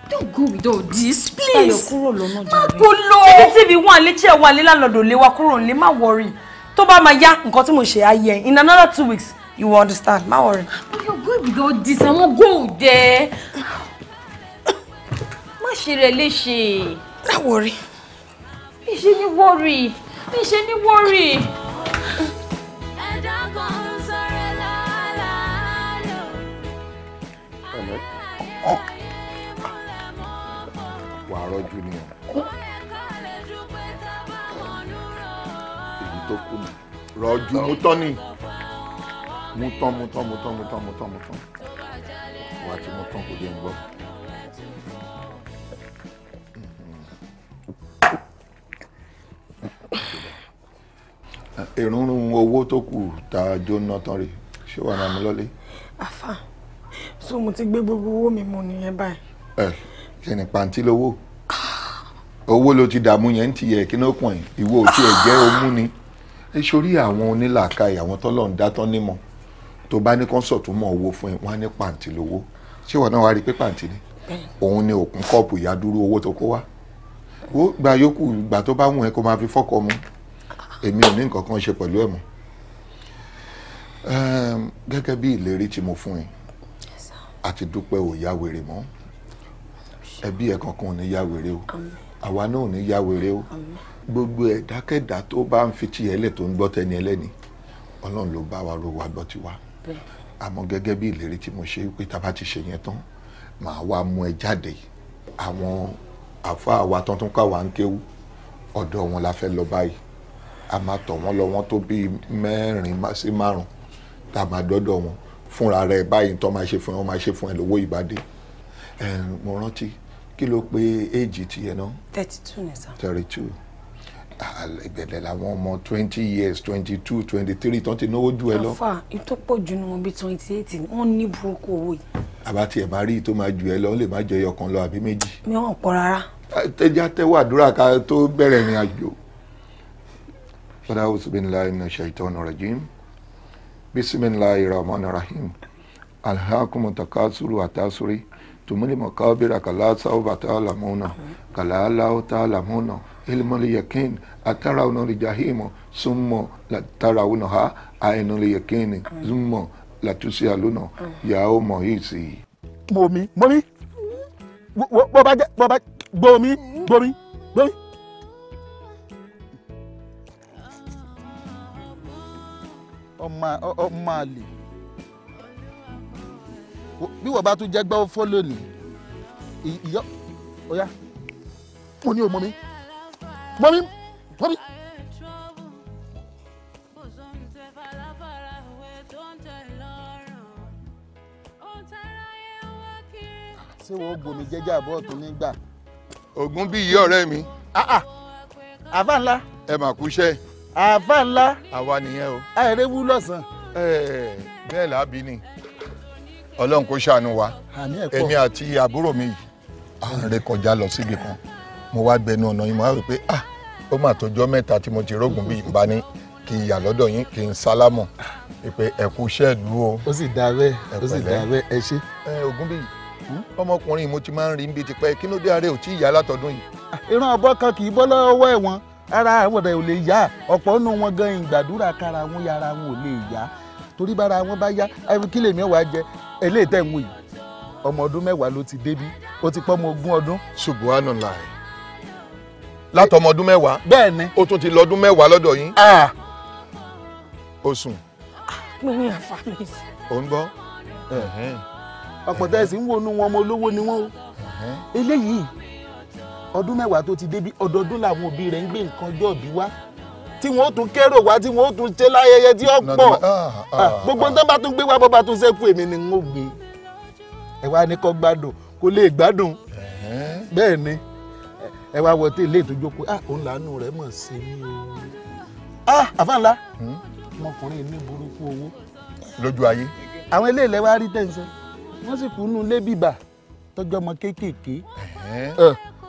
Don't go without this, please. Má lọ kúrò lọ́nà jàre. Má kó lọ. Títí TV wà lé, chair wà lé, lálọ́dọ̀ lé wa kúrò lé, má worry tó bá máa yá nǹkan tí mo ṣe ayẹ in another two weeks you will understand má worry. ayọ̀ go be this. I àwọn go there. Ma ṣe rẹ̀ léṣe. má worry. mi ṣe ní worry mi ṣe ní worry. wàá rọ́jú ni o. rọ̀jú mú tán ni mú tán mú tán mú tán mú tán mú tán mú tán wà á ti mú tán kò dé ń gbọ́. ìrúnrún owó tó kù tá a jóná tán rè ṣé wàá máa mú lọ́lé. àfà so mo ti gbé gbogbo owó mi mu nìyẹn báyìí. ẹ kí ni pàǹtí lówó owó ló ti dààmú yẹn ń tiyẹ kí ló pọ̀ yìí ìwọ ò tiẹ̀ jẹ́ omú ni ẹ sori àwọn onílàkàyè àwọn tọ́lọ́run dátọ́ nímọ̀ tó bá ní kọ́ńsọ̀ tó mọ̀ owó fún ẹ wọ́n á ní pàǹtí lówó ṣé ìwọ náà wàá rí i pé pàǹtí ni òun ni òkun kọ́ọ̀pù ìyá dúró owó tó kó wá wó gba yòókù gbà tó bá wù ẹ kó máa fi fọ́kọ mu èmi ò ní nǹkan kan ṣe pẹ̀lú ẹ̀ mọ́ gẹ́gẹ́ bí ìlérí tí mo fún ẹ àti dúpẹ́ ò yá wèrè mọ́ ẹbí ẹ̀ kankan ò ní yá wèrè o àwa náà ò ní yá wèrè o gbogbo ẹ̀dákẹ́dá tó bá ń fi tiẹ̀ lẹ̀ tó ń gbọ́ tẹni ẹlẹ́ni ọlọ́run ló bá wa ro wa gbọ́ tiwa àmọ́ gẹ́gẹ́ bí ìlérí tí mo ṣe pé tá ti ṣe yẹn tán màá wá mú ẹ jáde àwọn àfáà wa tuntun ká wa ń kéwú ọ̀dọ̀ wọn la fẹ́ lọ báyìí a máa tọ̀ wọ́n lọ wọ́n tó bíi mẹ́rin sí márùn tá a máa dọ́dọ̀ wọn fúnra rẹ̀ báyìí tó máa ṣe fún ẹ wọ́n máa ṣe fún ẹ lówó ìbàdí mo rántí kí ló pé éèjì tiẹ̀ náà. thirty two ni thirty two ìbẹ̀lẹ̀ làwọn ọmọ twenty years twenty two twenty three tó ti náwó jù ẹ lọ. àfà ìtọ́pọ̀ jù ní wọn bíi twenty eight wọ́n ní burúkú owó yìí. àbátí ẹ̀ máa rí i tó máa jù ẹ lọ ó lè má jẹ ẹyọ kan lọ àbí méjì. mi ò pọ̀ rárá. ẹja tẹ́wọ́ àdúrà ká tó bẹ̀rẹ̀ ìrìn àjò. sọ́dọ̀ àwọn sọ́bí iná ṣàìtàn ọ̀rọ̀ jí bisimilahi rahman rahim alhakumatakasuru atasuri tumuli makabira kala sawbata lamuna kala lauta lamuna ilmul yakin atarawna al-jahima summa latarawnaha aynul yakin summa latus'alunna yawma hizi. mọ̀mí mọ̀mí bọ́ba jẹ́ bọ́ba gbomi gbomi gbomi. ọmọ ọmọ àlè bí wọ́n bá tún jẹ́ gbọ́ fọ́ lónìí ìyọ́ ọ̀ya wọn ni ò mọ mi mọ́mí mọ́mí. ṣé wọ́n gbomi jẹ́jà bọ́ tó nígbà. ògùn bí ìyá ọ̀rẹ́ mi. Ah, ah. àfa ńlá. ẹ mà kú iṣẹ́. àfa ńlá. àwa nìyẹn o. àìrèwú lọ́sàn-án. bẹ́ẹ̀ làbí ni ọlọ́run kó ṣàánú wa èmi àti àbúrò mi yìí à ń rékọjá lọ síbi kan mo wá gbẹnu ọ̀nà yìí mo wá rò pé ah ó mà tójọ́ mẹ́ta tí mo ti rógùn bíi ìbá ní kí n yà lọ́dọ̀ yín kí n sálámọ̀ pé ẹ̀kú ṣẹ́ẹ̀lú o. ó sì dá bẹ́ẹ̀ ó sì dá bẹ́ẹ̀ ẹ ṣe. ẹ ògún bíi ọmọkùnrin mo ti máa ń rí níbi tipẹ́ kí ló dé àárẹ̀ ò tí ì yá látọdún yìí. ìran ah, ọbọ kan kì í bọ́ lọ́wọ́ ẹ̀wọ̀n ara àwọn ọ̀dà ò lè yá ọ̀pọ̀ nù wọn gan ìgbàdúrà kára wọn yára wọn ò lè yá torí bára wọn bá yá kí lèmi wàá jẹ eléyìí tẹ̀ ń wò yìí ọmọ ọdún mẹ́wàá ló ti débí ó ti pọ́ ọmọ ogún ọdún. ṣùgbọ́n àná làárẹ̀ látọmọ ọdún mẹ́wàá. bẹ́ẹ̀ ni. ó tún ti lọ ọdún mẹ́wàá lọ́dọ̀ yín. o sùn. mi ní àǹfààní. ò ń gbọ́. ọ̀pọ̀tẹ́sì ń wonú wọn ọmọ olówó ni wọ́n o. eléyìí ọdún mẹ́wàá tó ti débi ọdọọdún làwọn òbí rẹ̀ ń gbé nǹkan ọjọ́ òbí wá tí wọn ó tún kérò wá tí wọn ó tún ṣe láyẹyẹ tí ó pọ̀ ah, ah, ah, gbogbo tó bá tún gbé wá bó bá tún ṣẹ́kù èmi ni n ó gbé ẹ wá ní kó gbádùn kó lè gbádùn bẹ́ẹ̀ ni ẹ wá wọ tí ilé ìtójókòó ah òun làánú rẹ mọ̀ sí mi o ah àfáànlá hmm? ọmọkùnrin ní burúkú owó. lójú ayé. àwọn ilé ilẹ̀ wa rí tẹ̀sán wọ́n sì kú nínú ilé bíbà tọ́jú ọmọ kéékèèké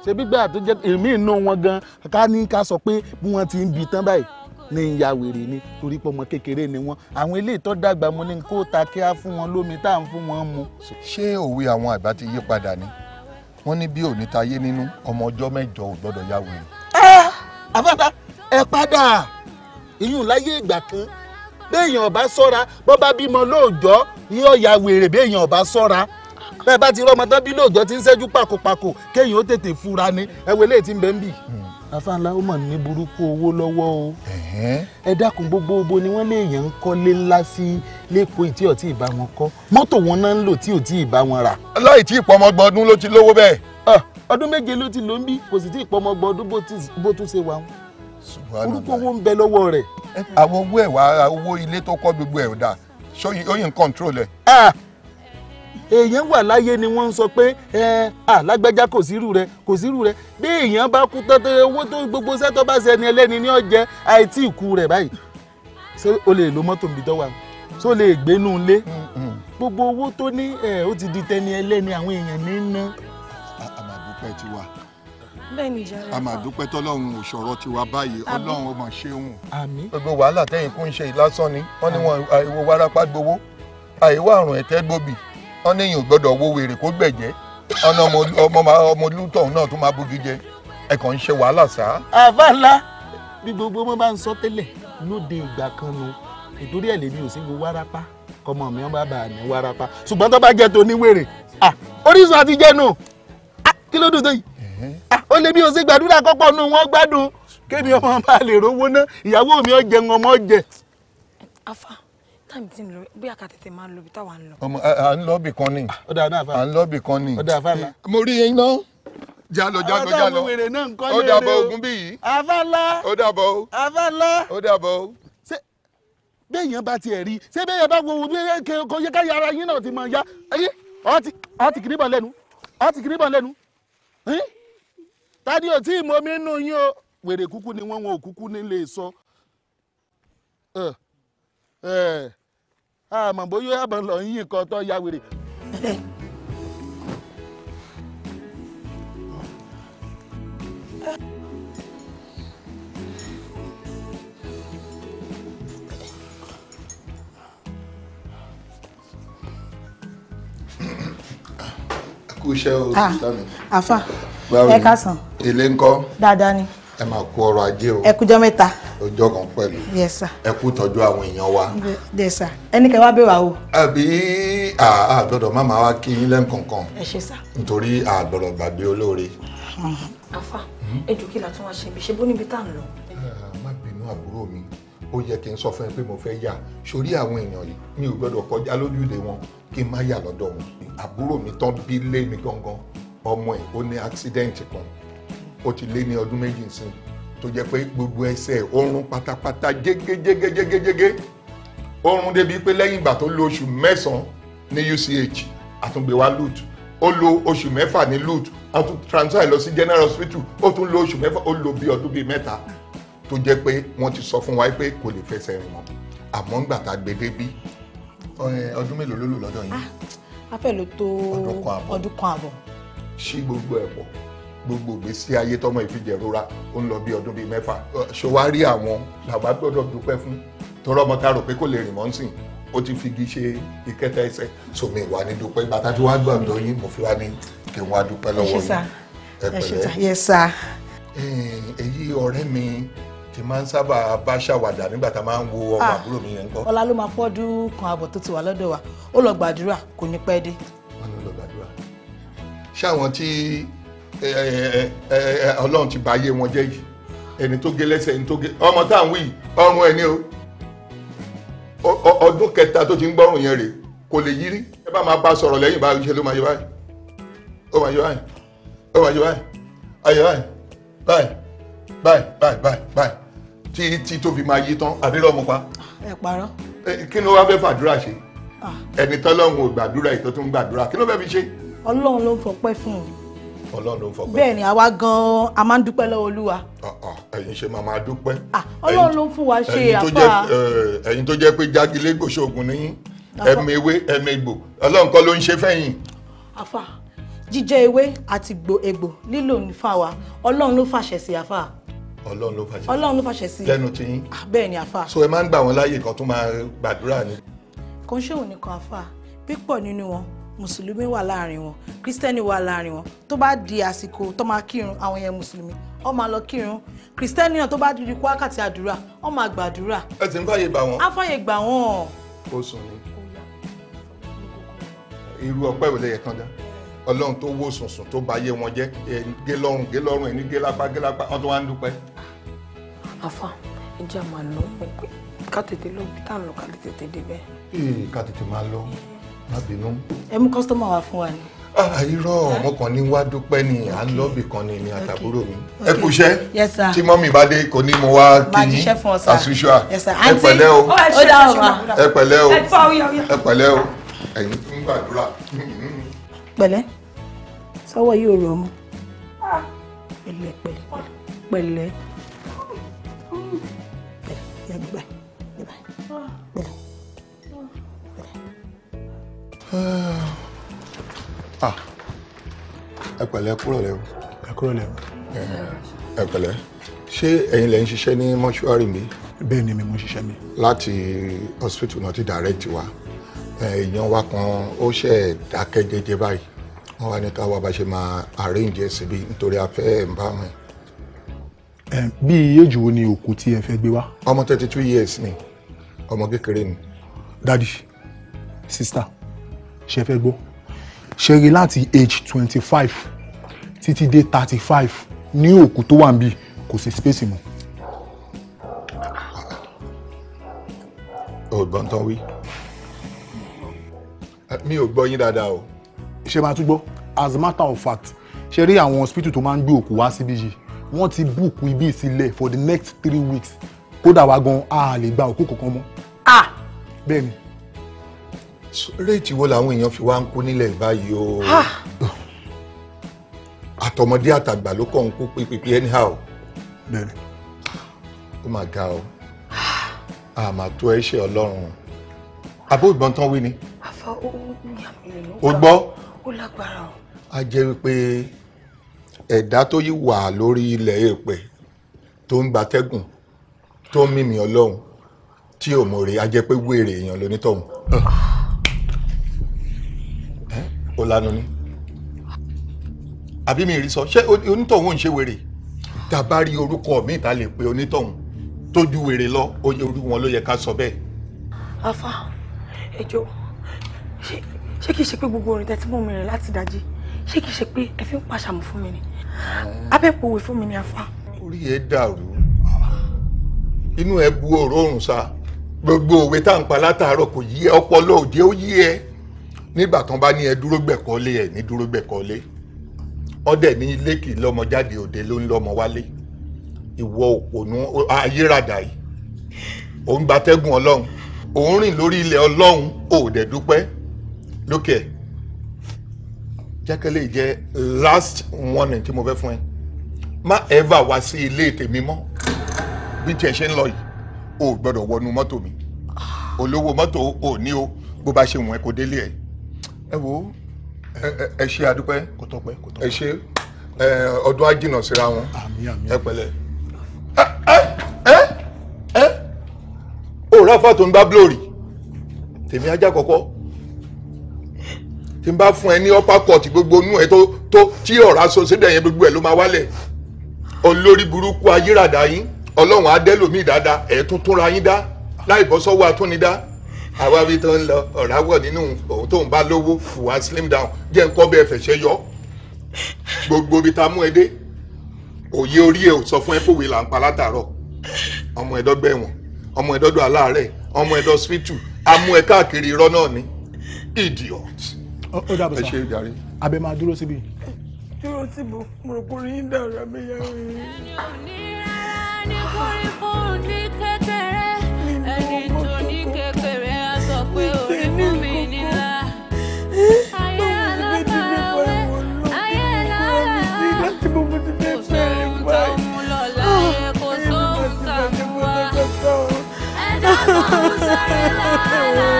ṣe gbígbà tó jẹ́ èmi inú wọn gan ká ní ká sọ pé bí wọ́n ti ń bi tán báyìí ní ìyá wèrè ni torí pé ọmọ kékeré ni wọn àwọn ilé ìtọ́ dàgbà mo ní kó ta kí á fún wọn lómi tá à ń fún wọn mu. ṣé òwe àwọn àgbà ti yí padà ni wọ́n ní bí òní tayé nínú ọmọ ọjọ́ mẹ́jọ ò gbọ́dọ̀ yá wèrè. àfàdà ẹ padà ìyún láyé ìgbà kan béèyàn ọba sọ́ra bó bá bímọ lóòjọ́ yóò ya wèrè béèyàn ọba sọ́ra bẹ́ẹ̀ bá ti rọ́mọdán bí lóòjọ́ ti ń ṣẹ́jú pàkópàkó kéèyàn ó tètè fura ni ẹ wo eléyìí ti ń bẹ́ ń bì. Hmm afáńlá ó mọ̀ ní burúkú owó lọ́wọ́ o ẹ dákun gbogbo obo ni wọ́n léèyàn ń kọ́ lé ńlá sí lẹ́kọ̀ọ́ tí ò tí ì bá wọn kọ́ mọ́tò wọn náà ń lò tí ò tí ì bá wọn rà. láì tí ì pọ́ ọmọgbọ́n ọdún ló ti lówó bẹ́ẹ̀. ọdún méje ló ti lò ń bí kò sì tí ì pọ́ ọmọgbọ́n ọdún bó tún ṣe wà wọn orúkọ owó ń bẹ lọ́wọ́ rẹ̀. àwọn owó ẹ̀ wá owó ilé tó kọ́ gbogbo ẹ̀ dà ṣóyin control ẹ̀ èèyàn wà láyé ni wọ́n ń sọ pé alágbájá kò sírù rẹ kò sírù rẹ bí èèyàn bá kú tọ́tọ́ owó tó gbogbo sẹ́tọ́ bá ṣẹni ẹlẹ́ni ní ọ̀jẹ́ àìtí ìkú rẹ̀ báyìí ṣé o lè lo mọ́tò níbi tó wà ṣé o lè gbénú gbogbo owó tó ní ẹ ó ti di tẹni ẹlẹ́ni àwọn èèyàn ní ná. àmàdúpẹ́ ti wà bẹ́ẹ̀ni tọ́lọ́run òṣòro ti wá báyìí ọlọ́run ó máa ṣe gbogbo wàhálà tẹ́yìn kún iṣẹ́ ìlásán ni wọ́n ní wọn àìwò warapa gbowó àìwò àrùn ẹ̀tẹ́ wọn ní èyàn gbọ́dọ̀ wo wèrè kó gbẹ̀jẹ́ ọ̀nà ọmọ olùtọ̀hún náà tún máa bógi jẹ ẹ kàn ń ṣe wàhálà sá. àbá ńlá bí gbogbo wọn bá ń sọ tẹ́lẹ̀ lóde ìgbà kan nu ìtorí ẹ̀ lèmi ò sí gbogbo wárápá kọmọ mi wọn bá bá ní wárápá ṣùgbọ́n tó bá jẹ́ tó ní wèrè orísun àti jẹ́nu kí ló dùn tó yìí ó lè bí o sí gbàdúrà kọ́pọ̀ nù wọ́n gbádùn kémi ọmọ bá lè rówó ná ìyàwó mi ó jẹun ọmọ jẹ. afa táìmù tí ń lọ bóyá ká tètè máa lọ bí táwa ń lọ. ọmọ à ń lọ bì kan ni à ń lọ bì kan ni mo rí yín náà jalo jalo jalo ó dàbọ̀ ogun bí yìí afala ó dàbọ̀ o afala ó dàbọ̀ o. béèyàn bá tiẹ̀ rí ṣé béèyàn bá wo kò yẹ ká yàrá yín náà ti mọ̀ ya ọtí kìíní bọ̀ lẹ́nu ọtí kìíní bọ̀ lẹ́nu tani ò tí ì mọ omi nù yín o wèrè kúkú ni wọ́n wọn ò kúkú nílé sọ. Uh, uh àmọ́ bóyá àbọ̀ lọ yín nǹkan tó ya wèrè. kú iṣẹ́ o ah, sami. àfa ẹ ká èlé ńkọ́. dáadáa ni ẹ máa kú ọrọ̀ ajé o ẹ kújọ́ mẹ́ta ọjọ́ kan pẹ̀lú yes sir ẹ kú tọ́jú àwọn èèyàn wa yes sir ẹnikẹ́ni wá bẹ̀ wá o. àbí àgbọ̀dọ̀ má máa wá kí yín lẹ́ǹkankan nítorí àgbọ̀dọ̀ gbàgbé olóore. Mm-hmm. afa ẹjọ kí la tún wá ṣe ibi ṣe bó níbi tá à ń lọ. Eh, má bínú àbúrò mi ó yẹ kí n sọ fún ẹ pé mo fẹ́ yà sórí àwọn èèyàn yìí mi ò gbọ́dọ̀ kọjá lójúde wọn kí n má yà lọ́dọ̀ wọn àbúrò mi tán bí lé mi gangan ọmọ ẹ̀ ó ní accident kan ó ti lé ní ọdún méjì sìn tó jẹ́ pé gbogbo ẹsẹ̀ oorun pátápátá jégéjégéjégéjégé oorun débi pé lẹ́yìn ìgbà tó lo oṣù mẹ́sàn-án ní UCH àtúngbèwá lut ó lo oṣù mẹ́fà ní lut a tún transfer lọ sí general hospital ó tún lo oṣù mẹ́fà ó lo bí ọdún bíi mẹ́ta tó jẹ́ pé wọ́n ti sọ fún wa pé kò lè fẹsẹ̀ rìn mọ́ àmọ́ ń gbà tá a gbé débí ọdún mélòó ló lò lọ́dọ̀ yín. Ah, a fẹ́ lò tó ọdún kan àbọ̀. ṣí gbogbo ẹ̀ pọ̀ gbogbo ìgbésí ayé tọmọ ìfijẹrora ó ń lọ bí ọdún bíi mẹ́fà ṣòwárí àwọn làwa gbọ́dọ̀ dúpẹ́ fún tọrọ ọmọ tá rò pé kò lè rìn mọ́ ń sìn ó ti figi ṣe ìkẹta ẹsẹ̀ sómi ìwà ní dúpẹ́ bàtà tí wàá gbàgbọ́ yín mo fi wá ní kí n wá dúpẹ́ lọ́wọ́ yín èyí ọ̀rẹ́ mi ti máa ń sábà bá ṣàwàdà nígbà tá a máa ń wo ọmọ ah. àbúrò mi yẹn ń ọlá ló máa fọ́dún kan àbọ̀ tó ti wà lọ́dọ̀ wa ó lọ gbàdúrà kò ní pẹ́ dé. wọn ló lọ gbàdúrà ṣé àwọn tí ọlọ́run ti bá ayé wọn jẹ́ yìí ẹni tó gé lẹ́sẹ̀ ẹni tó gé ọmọ tá à ń wí ọrùn ẹni o ọdún kẹta tó ti ń gbọ́rùn yẹn rè kò lè yí rí ẹ bá máa bá sọ̀rọ̀ lẹ́yìn báyìí ṣe ló máa yọ báyìí ó máa yọ báyìí ó máa yọ báyìí ayọ̀ báyìí báyìí báyìí báyìí báyìí báyìí tí tí tó fi máa yí tán àbírọ̀ mu pa. ẹ parọ́. kí ló wá fẹ́ fàdúrà ṣe ah. ẹni tọ́lọ́run ò gbàdúrà ìtọ́tún gbàdúrà kí ló fẹ́ fi ṣe. ọlọ́run ló ń fọpẹ́ fún un ọlọ́run ló bẹ́ẹ̀ ni àwa gan-an a máa ń dúpẹ́ lọ́wọ́ olúwa. Ah, ah, ẹ̀yin ṣe máa máa dúpẹ́. Ah, ọlọ́run ló ń fún wa ṣe àpá. Eh, ẹ̀yin tó jẹ́ pé jágilégò ṣoògùn níyí ẹ̀mí ewé ẹ̀mí egbò ọlọ́run kọ́ ló ń ṣe fẹ́yìn. àfà jíjẹ ewé àti egbò lílò ní fáwa ọlọ́run ló fàṣẹ sí àfà ọlọ́run ló fàṣẹ ọlọ́run ló fàṣẹ sí lẹ́nu tí yín bẹ́ẹ̀ ni àfà so ẹ máa ń gbà wọn láàyè kan tó máa gbàdúrà ni. kò ń ṣèwò mùsùlùmí wà láàrin wọn kristẹni wà láàrin wọn tó bá di àsìkò tó máa kírun àwọn yẹn mùsùlùmí ó máa lọ kírun kristẹni náà tó bá di ikú wákàtí àdúrà ó máa gbàdúrà. ẹ ti ń fàyè gbà wọn. á fàyè gbà wọn. ó sùn ni irú ọpẹ́ ìwé lẹ́yẹ kan dá ọlọ́run tó wó sùnsùn tó bà ayé wọn jẹ́ gé lọ́rùn gé lọ́rùn ẹni gé lápá gé lápá wọn tó wá ń dúpẹ́. àfa ẹ jẹ́ lọ ká lọ bí tá à ń lọ ká tètè débẹ̀. ee ká tètè máa lọ má bínú. ẹ mú kọ́sítọ́mà wá fún wa ni. Ah, irọ́ ah. ọmọ kan wá dúpẹ́ ni à ń lọ́ọ̀bì kan ni ni àtàbúrò mi. ẹ kú iṣẹ́ tí mọ́mì bá dé kò ní mo wá kí yín àṣùṣà ẹ pẹ̀lẹ́ o ẹ pẹ̀lẹ́ o ẹ pẹ̀lẹ́ o ẹ̀yin tún gbàdúrà. pẹ̀lẹ́ sọ́wọ́ yìí ò rọ̀ mọ́ ah. pẹ̀lẹ́ pẹ̀lẹ́ pẹ̀lẹ́ pẹ̀lẹ́ yàgbà yàgbà pẹ̀lẹ́. Ah. Ah. ẹ pẹ̀lẹ́ kúrò lẹ́wọ̀. ẹ kúrò lẹ́wọ̀. ẹ pẹ̀lẹ́ ṣé ẹ̀yin lẹ ń ṣiṣẹ́ ní mọ́ṣúárì mi. bẹ́ẹ̀ ni mi mo ṣiṣẹ́ mi. láti hospital náà ti direct wa èèyàn wa kan ó ṣe dákẹ́ jẹ́jẹ́ báyìí wọ́n wá ní káwa bá ṣe máa arrange ẹ̀ síbi nítorí afẹ́ ẹ̀ ń bá wọn. bí iye wo ni òkú tí ẹ fẹ́ gbé wá. ọmọ thirty two years ni ọmọ kékeré ni. dadi sista ṣe fẹ́ gbọ́ ṣe rí láti age twenty five títí dé thirty five ní òkú tó wà ń bì kò sí space mọ́. ọgbọ́n tán wí mi ò gbọ́ yín dáadáa o. ṣe máa tún gbọ́ as a matter of fact ṣe rí àwọn hospital tó máa ń gbé òkú wá síbí yìí wọ́n ti búùkù ibi ìsílẹ̀ for the next three weeks kódà wa gan a lè gba òkú kankan mọ́. ah bẹ́ẹ̀ ni réètì wo làwọn èèyàn fi wá ń kú nílẹ̀ báyìí o àtọmọdé àtàgbà ló kàn ń kú pípípí anyhow bẹ́ẹ̀ni ó mà ga o àmà tó ẹ ṣe ọlọ́run àbó ìbọn tán wí ni. àfa o gbọ́. o. a jẹ́ wípé ẹ̀dá tó yí wà lórí ilẹ̀ èèpẹ̀ tó ń gbatẹ́gùn tó ń mímì ọlọ́run tí ò mọ̀ rè a jẹ́ pé wèrè èèyàn lonítọ̀hún. Ah ó lanu ni àbí mi rí sọ ṣé onítọ̀hún ò ń ṣe wèrè tàbá rí orúkọ mi ìta lè pe onítọ̀hún tójú wèrè lọ oye orí wọn ló yẹ ká sọ bẹ́ẹ̀. afa ẹjọ ṣé kìí ṣe pé gbogbo orin tẹ́tí mọ́ mi rẹ̀ láti dájí ṣé kìí ṣe pé ẹ fi ń pàṣàmù fún mi ni abẹ́pòwe fún mi ni afa. orí ẹ dàrú inú ẹ bu òórùn sá gbogbo òwe tá à pa látàárọ̀ kò yí ẹ ọpọlọ òde ó yí ẹ nígbà tán bá ní ẹ dúró gbẹ̀kọ́lé ẹ ní dúró gbẹ̀kọ́lé ọdẹ ní ilé kì í lọ́mọ jáde òde ló ń lọ́mọ wálé ìwọ òpònú ayérada yìí òun gbatẹ́gùn ọlọ́run òun rìn lórí ilẹ̀ ọlọ́run ò dẹ̀ dúpẹ́ lókè jákèlè jẹ́ last warning tí mo fẹ́ fún ẹ má ẹ́và wá sí ilé tèmi mọ́ bí tiẹ̀ ṣe ń lọ yìí ò gbọ́dọ̀ wọnú mọ́tò mi olówó mọ́tò ò ní o bó bá ṣe wọ̀n ẹ́ kó délé ẹ̀ ẹ wo ẹ ṣe àdúpẹ́ kò tọ́pẹ́ kò tọ́pẹ́ ẹ ṣe ọdún á jìnnà síra wọn ẹ pẹ̀lẹ́ ẹ ẹ òòrùn afa tó ń bá blóòrì tèmi ajá kọ́kọ́ tí n bá fún ẹ ní upper court gbogbo inú ẹ tó tó tí ọ̀rá sọ síbẹ̀ yẹn gbogbo ẹ ló máa wálẹ̀ olórí burúkú ayírádá yín ọlọ́run adẹ́lòmíì dáadáa ẹ̀ tuntun ra yín dá láì bọ́ sọ́wọ́ atúnidá àwa bí tó ń lọ ọ̀rá wọ̀ nínú òun tó ń bá lówó fùwà slim down jẹ́ ń kọ́ bẹ́ẹ̀ fẹ̀ṣẹ̀ yọ gbogbo ibi tá mú ẹ dé òye orí ẹ ò sọ fún ẹ pòwe là ń pa látàárọ̀ ọmọ ẹ̀dọ́gbọ́ ẹ̀wọ̀n ọmọ ẹ̀dọ́dọ̀ aláàárẹ̀ ọmọ ẹ̀dọ́ spiritu amú ẹ káàkiri irọ́ náà ni idiot. ó dàbọ̀ sá abẹ máa dúró síbi. dúró síbi mo rò kó ẹni ò ní rẹ̀ ní kórìkò ní kẹ́kẹ́. pé òun mú mi nílá. ayé alábàá wẹ́ ayé alábàá kò sóhun tó mú lọ láyé kò sóhun ká mú wá. ẹ̀dá kan ń sáré láàlá.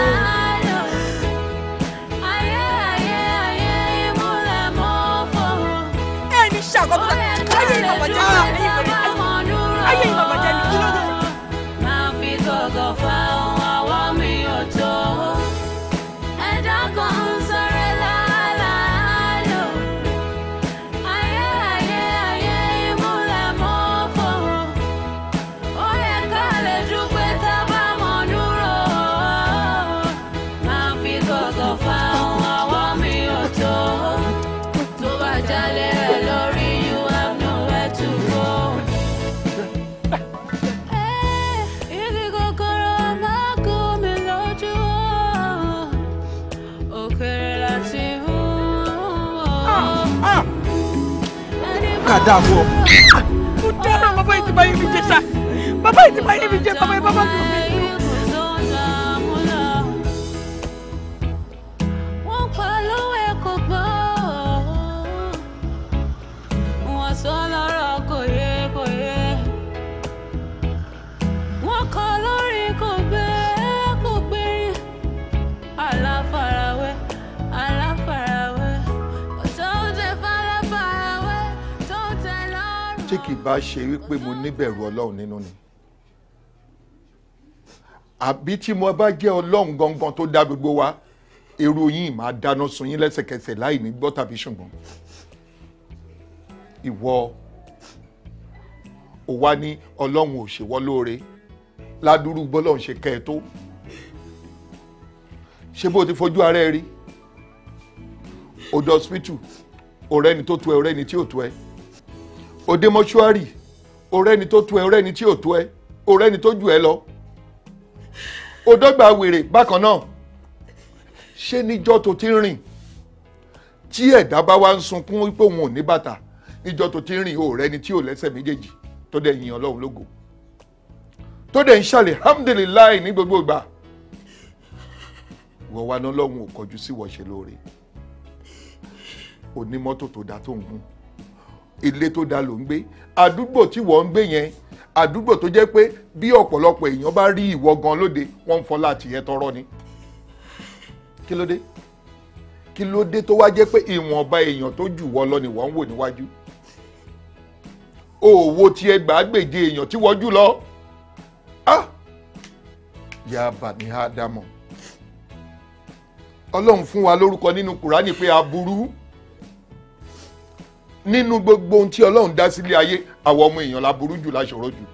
ṣàkóso ẹ̀yìn ìmọ̀bàjẹ́ ẹ̀yìn ìmọ̀bàjẹ́. dáa fún ọ. mo dára bàbá yìí ti bá yín mi jẹ sá bàbá yìí ti bá yín mi jẹ bàbá yìí bàbá yìí mi. kì bá ṣe wípé mo níbẹ̀rù ọlọ́run nínú ni àbí tí mo bá jẹ́ ọlọ́run gangan tó dá gbogbo wa èrò yìí máa dáná sun yín lẹ́sẹ̀kẹsẹ̀ láì ní gbọ́ tàbí ṣùgbọ́n ìwọ ò wá ní ọlọ́run ò ṣèwọ́ lóore ládùúrú bọ́lọ̀ ṣe kẹ́ ẹ tó ṣé bó ti fojú ara ẹ rí odò hospital ọ̀rẹ́ni tó tu ẹ ọ̀rẹ́ni tí ò tu ẹ òde mọ́ṣúárì ọ̀rẹ́ni tó tu ẹ ọ̀rẹ́ni tí ò tu ẹ ọ̀rẹ́ni tó jù ẹ lọ òdọ́gba wèrè bákan náà ṣé níjọ́ tó ti ń rìn tí ẹ̀dá bá wá ń sunkún wípé òun ò ní bàtà níjọ́ tó ti ń rìn ọ̀rẹ́ni tí ò lẹ́sẹ̀ méjèèjì tó dẹ̀ yìn Ọlọ́run lógo tó dẹ̀ ń ṣàlẹ̀ hamdulilayi ní gbogbo ìgbà wọ́n wá ná lọ́hùn ò kọjú sí wọ́ṣẹ́ lóore onímọ́tò tó dáa tó ń gún ilé tó da ló ń gbé àdúgbò tí wọ́n ń gbé yẹn àdúgbò tó jẹ́ pé bí ọ̀pọ̀lọpọ̀ èèyàn bá rí ìwọ gan lóde wọ́n ń fọlá àtìyẹ tọrọ ni kí ló dé kí ló dé tó wá jẹ́ pé ìwọ̀nba èèyàn tó jù wọ́ lọ ni wọ́n ń wò níwájú òwò tí ẹ gbàgbèje èèyàn tí wọ́n jù lọ ah yaba ni ádámọ̀ ọlọ́run fún wa lórúkọ nínú kùránì pé aburú nínú gbogbo ohun tí ọlọ́run dá sílé ayé àwọn ọmọ èèyàn la burú jù la ṣòro jù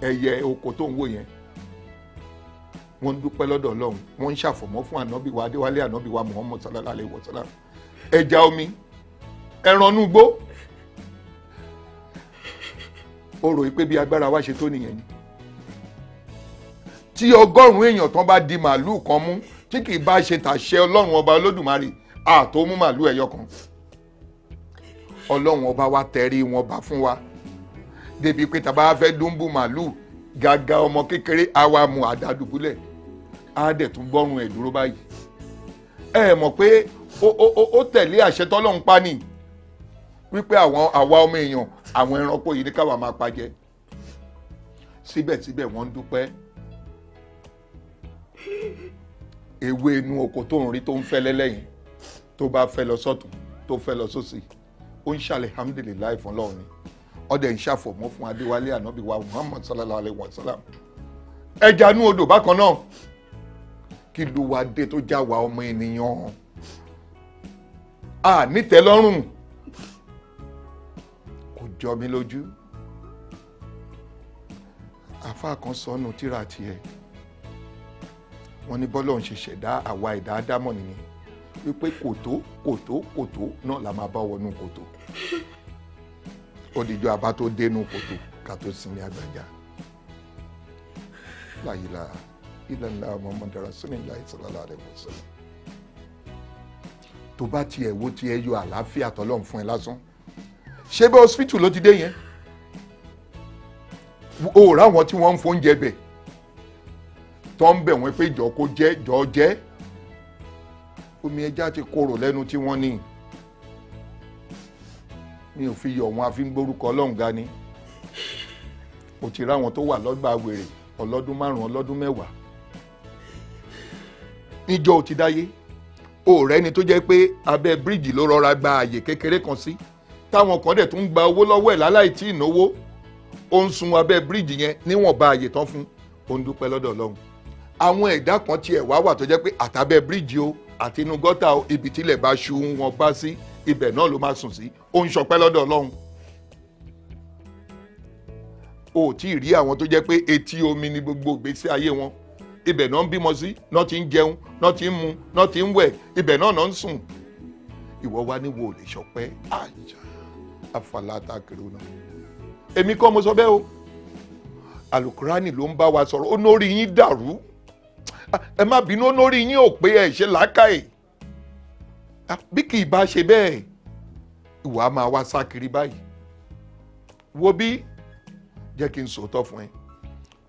ẹyẹ oko tó ń wò yẹn wọ́n ń dúpẹ́ lọ́dọ̀ ọlọ́run wọ́n ń ṣàfọ̀mọ́ fún ànábì wa adéwálé ànábì wa muhammed sallallahu alayhi wa sallam ẹja omi ẹran inú igbó o rò pé bí agbára wa ṣe tó nìyẹn ni tí ọgọ́rùn-ún èèyàn tán bá di màálù kan mú tí kì í bá ṣe tàṣẹ ọlọ́run ọba olódùmarè àtó mú màálù ẹyọ kan ọlọ́run ọba wa tẹ̀rí wọn bá fún wa débi pé tàbá fẹ́ dúnbù màálù gàgà ọmọ kékeré àwa mu àdádùbúlẹ̀ á dẹ̀ tún gbọ́rùn ẹ̀ dúró báyìí ẹ mọ̀ pé ó tẹ̀lé àṣẹ tọ́lọ́run pa ni wípé àwọn àwa ọmọ èèyàn àwọn ẹranko yìí ní káwa máa pa jẹ síbẹ̀síbẹ̀ wọ́n ń dúpẹ́ ewé inú oko tó ń rí tó ń fẹ́ lẹ́lẹ́yìn tó bá fẹ́ lọ sọ́tún tó fẹ́ lọ sósì ó ń ṣàlẹ̀ alhamdulilayi fún Ọlọ́run ni ọdẹ ń ṣàfọ̀mọ́ fún adéwálé ànábì wa muhammad sallallahu alayhi wa sallam ẹja inú odò bákan náà kí ló wá dé tó já wa ọmọ ènìyàn a nítẹ́lọ́rùn kò jọ mí lójú àfáà kan sọnù tíra tiẹ̀ wọ́n ní bọ́lọ́run ṣe ṣẹ̀dá àwa ẹ̀dá ádámọ̀ nìyẹn wípé kòtó kòtó kòtó náà la máa bá wọnú kòtó odijọ́ abá tó dénú kòtó ká tó sinmi àgbàjá láyìlá ilànà Muhammadu Rasulillah sallallahu alaihi wasallam tó bá tiẹ̀ wo tiẹ̀ yọ àlàáfíà tọ́lọ́run fún ẹ lásán ṣé bẹ́ẹ̀ hospital ló ti dé yẹn o ò ráwọn tí wọ́n ń fóúnjẹ bẹ̀ tọ́ ń bẹ̀ wọ́n pé jọ kó jẹ́ jọ jẹ́ omi ẹja ti korò lẹ́nu tí wọ́n ní mi ò fi yọ̀ wọn àfi ń gbórúkọ ọlọ́run ga ni ò ti ráwọn tó wà lọ́gbà wèrè ọlọ́dún márùn-ún ọlọ́dún mẹ́wàá níjọ ò ti dáyé òòrẹ́ ni tó jẹ́ pé abẹ́ bíríìjì ló rọra gba àyè kékeré kan sí táwọn kan dẹ̀ tún ń gba owó lọ́wọ́ ẹ̀ láláì tí ìnáwó ó ń sun abẹ́ bíríìjì yẹn níwọ̀nba àyè tán fún ó ń dúpẹ́ lọ́dọ̀ ọlọ́run àwọn ẹ̀dá kan tiẹ̀ wá wà tó jẹ́ pé àtàbẹ́ bíríìjì o àtinú gọ́tà ibi tílẹ̀ bá ṣu wọn bá sí ibẹ̀ náà ló máa sùn sí ó ń ṣọpẹ́ lọ́dọ̀ ọlọ́run o ò tí ì rí àwọn tó jẹ́ pé etí omi ni gbogbo ìgbésí ayé wọn ibẹ̀ náà ń bímọ sí náà ti ń jẹun náà ti ń mu náà ti ń wẹ̀ ibẹ̀ náà náà ń sùn ìwọ wá ní wo lè ṣọpẹ́ àjà àfàlàtà kiri náà èmi kọ́ mo sọ bẹ́ẹ̀ o alukurani ló ń bá wa sọ̀rọ̀ ó nórí yín dàrú ẹ má bínú lórí yín ò pé ẹ ṣe làákàyè bí kì í bá ṣe bẹ́ẹ̀ ìwà máa wá sá kiri báyìí wo bí jẹ́ kí n sòótọ́ fún ẹ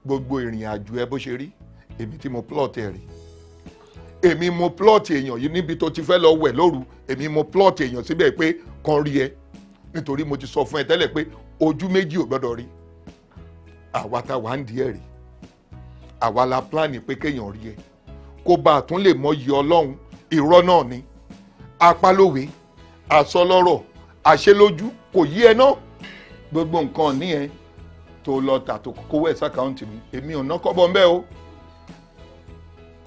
gbogbo ìrìn àjò ẹ bó ṣe rí èmi tí mo plot ẹ rí èmi mo plot èèyàn yìí níbi tó ti fẹ́ lọ wẹ̀ lóru èmi mo plot èèyàn síbẹ̀ pé kan rí ẹ nítorí mo ti sọ fún ẹ tẹ́lẹ̀ pé ojú méjì ò gbọ́dọ̀ rí àwa tá wà ń di ẹ̀ rí àwa la pílánì pé kéèyàn rí ẹ kó bá a tún lè mọyì ọlọ́run irọ́ náà ni apálówe àsọlọ́rọ̀ àṣelójú kò yí ẹ náà gbogbo nǹkan ní ẹ tó lọ tà tó kówó ẹ sàkáǹtì mi èmi ò ná kọ́bọ̀ ńbẹ́ o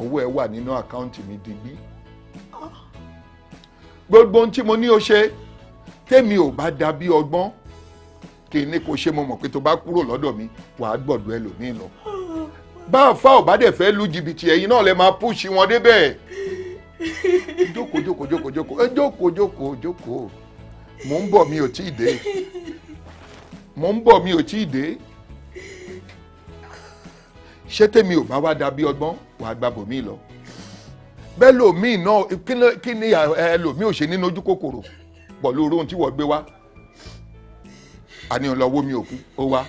owó ẹ wà nínú àkáǹtì mi digbí gbogbo ohun tí mo ní o ṣe tèmi ò bá da bí ọgbọ́n kí ni kò ṣe mo mọ̀ pé tó bá kúrò lọ́dọ̀ mi wàá gbọ̀dọ̀ ẹlòmíì lọ bá a fa ọ̀bá dẹ̀ fẹ́ lu jìbìtì ẹ̀yin náà lẹ máa púùsì wọn débẹ̀. joko jókòó joko joko ẹ jókòó jókòó jókòó mò ń bọ̀ mi ò tí ì dé mò ń bọ̀ mi ò tí ì dé ṣé tèmi ò bá wá da bí ọgbọ́n wàá gba bòmí lọ bẹ́ẹ̀ lòmíì náà kí ni ẹlòmíì ò ṣe nínú ojú kòkòrò pọ̀ lóru tí wọ́n gbé wá àníyàn lọ mi òkú ó wá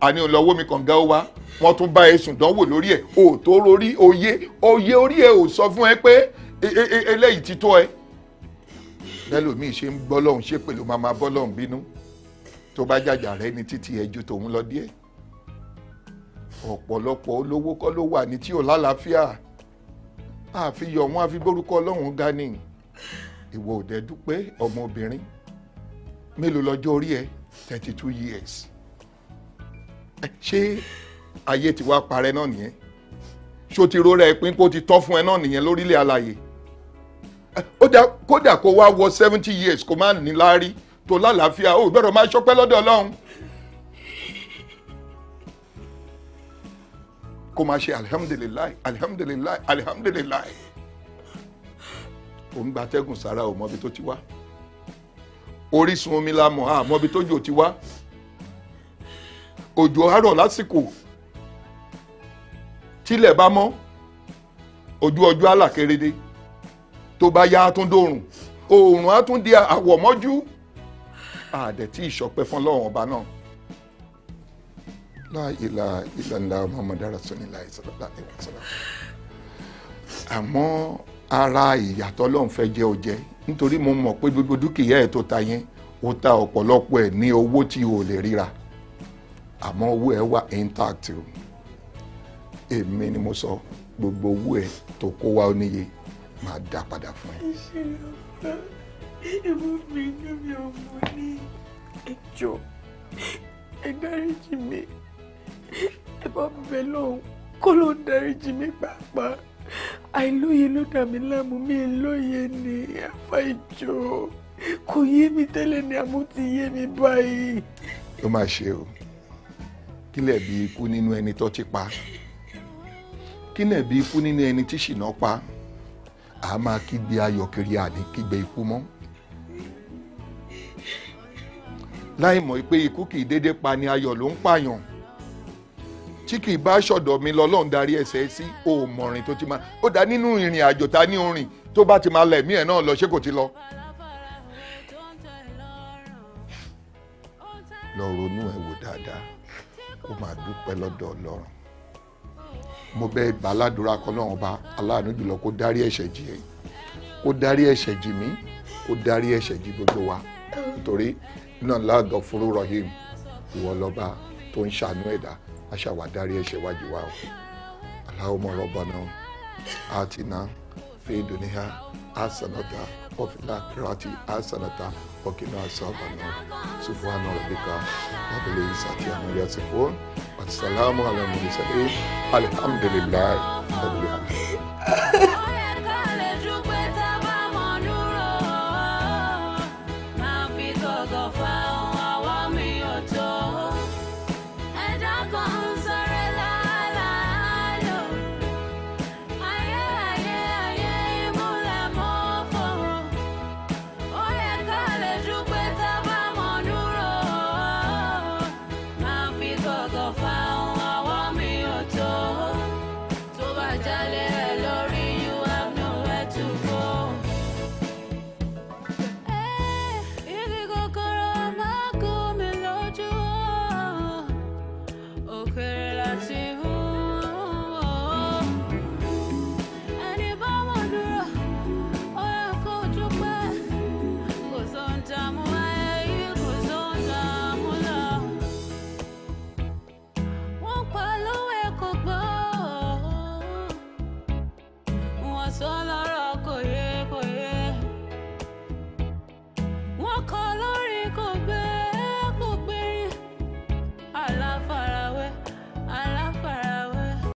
àní ò mi wómi kànga ó wá wọ́n tún bá ẹ̀sùn dánwò lórí ẹ̀ o. tó lórí òye òye orí ẹ̀ ò sọ fún ẹ pé e, e, e, eléyìí ti tó ẹ bẹ́lòmíì ṣe ń gbọ́ lọ́hùn ṣé pẹ̀lú máa máa bọ́ lọ́hùn bínú tó bá jàjà rẹ ní títí ẹjú tòun lọ díẹ̀ ọ̀pọ̀lọpọ̀ olówó kọ́ ló wà ní tí ò lálàáfíà àfihàn wọn àfi ọlọ́run ga ìwọ ò ọmọbìnrin mélòó lọ́jọ́ orí ẹ thirty two years ṣé ayé ti wá parẹ́ náà nìyẹn ṣó ti rora ẹ pín kó ti tọ́ fún ẹ náà nìyẹn lórílẹ̀ alààyè kódà kó wá wọ seventy years kó má ní láárí tó lálàáfíà ó gbọ́dọ̀ máa ṣọpẹ́ lọ́dọ̀ Ọlọ́run kó máa ṣe alihamudulilayi alihamudulilayi alihamudulilayi òun gbatẹ́gùn sára ò mọ́bi tó ti wá orísun omi la mọ̀ á mọ́bi tó jò ti wá òjò àárọ̀ lásìkò tílẹ̀ bá mọ́ ojú ọjọ́ alákérédé tó bá yá á tún dòrùn oòrùn á tún di àwọ̀mọ́jú àdẹ̀tí ìṣọ̀pẹ́ fún ọlọ́run ọba náà láìlà ìlànà muhammadu rasulillah sallallahu alaihi wasallam àmọ́ ara ìyàtọ̀ ọlọ́run fẹ́ jẹ́ ọjẹ́ nítorí mo mọ̀ pé gbogbo dúkìá ẹ̀ tó ta yẹn ó ta ọ̀pọ̀lọpọ̀ ẹ̀ ní owó tí o lè ríra àmọ́ owó ẹ wà intact o èmi ni mo sọ gbogbo owó ẹ tó kó wá oníye máa dá padà fún ẹ. ṣe ọ̀pá ìbò mi inú mi ò mú ní ẹjọ́ ẹ dáríjì mi ẹ bá bẹ lọ́hùn kó ló ń dáríjì mi pàápàá àìlóye ló dà mí láàmú mi lóye ní àfa ìjọ kò yé mi tẹ́lẹ̀ ni àmọ́ ti yé mi báyìí. ó máa ṣe o kílẹ̀ bí ikú nínú ẹni tó ti pa kílẹ̀ bí ikú nínú ẹni tí ṣìnà pa a máa kígbe ayọ̀ kiri àní kígbe ikú mọ́ láì mọ̀ pé ikú kì í déédéé pa ni ayọ̀ ló ń pààyàn tí kì í bá ṣọ̀dọ̀ mi lọ́lọ́run darí ẹsẹ̀ sí òmọ̀rìn tó ti máa ó dá nínú ìrìn àjò ta ní orin tó bá ti máa lẹ̀mí ẹ̀ náà lọ ṣé kò ti lọ. lọ ronú ẹ wò dáadáa kó máa dúpẹ́ lọ́dọ̀ ọlọ́run mo bẹ̀ ìbá aládùúrà kan náà ọba aláàánú jùlọ kó dárí ẹ̀ṣẹ̀ jì ẹ́ kó dárí ẹ̀ṣẹ̀ jì mí kó dárí ẹ̀ṣẹ̀ jì gbogbo wa nítorí iná láàgọ́ fúrú rahim ìwọ lọ́ba tó ń ṣàánú ẹ̀dá aṣàwà dárí ẹ̀ṣẹ̀ wájú wa o aláwọ̀ mọ̀ rọ́bà náà àtìná fèèdùn níhà àṣànàtà wa fil akhirati hasanatan wa qina adhaban nar subhana rabbika rabbil izzati amma yasifun wa salamun ala al mursalin alhamdulillahi rabbil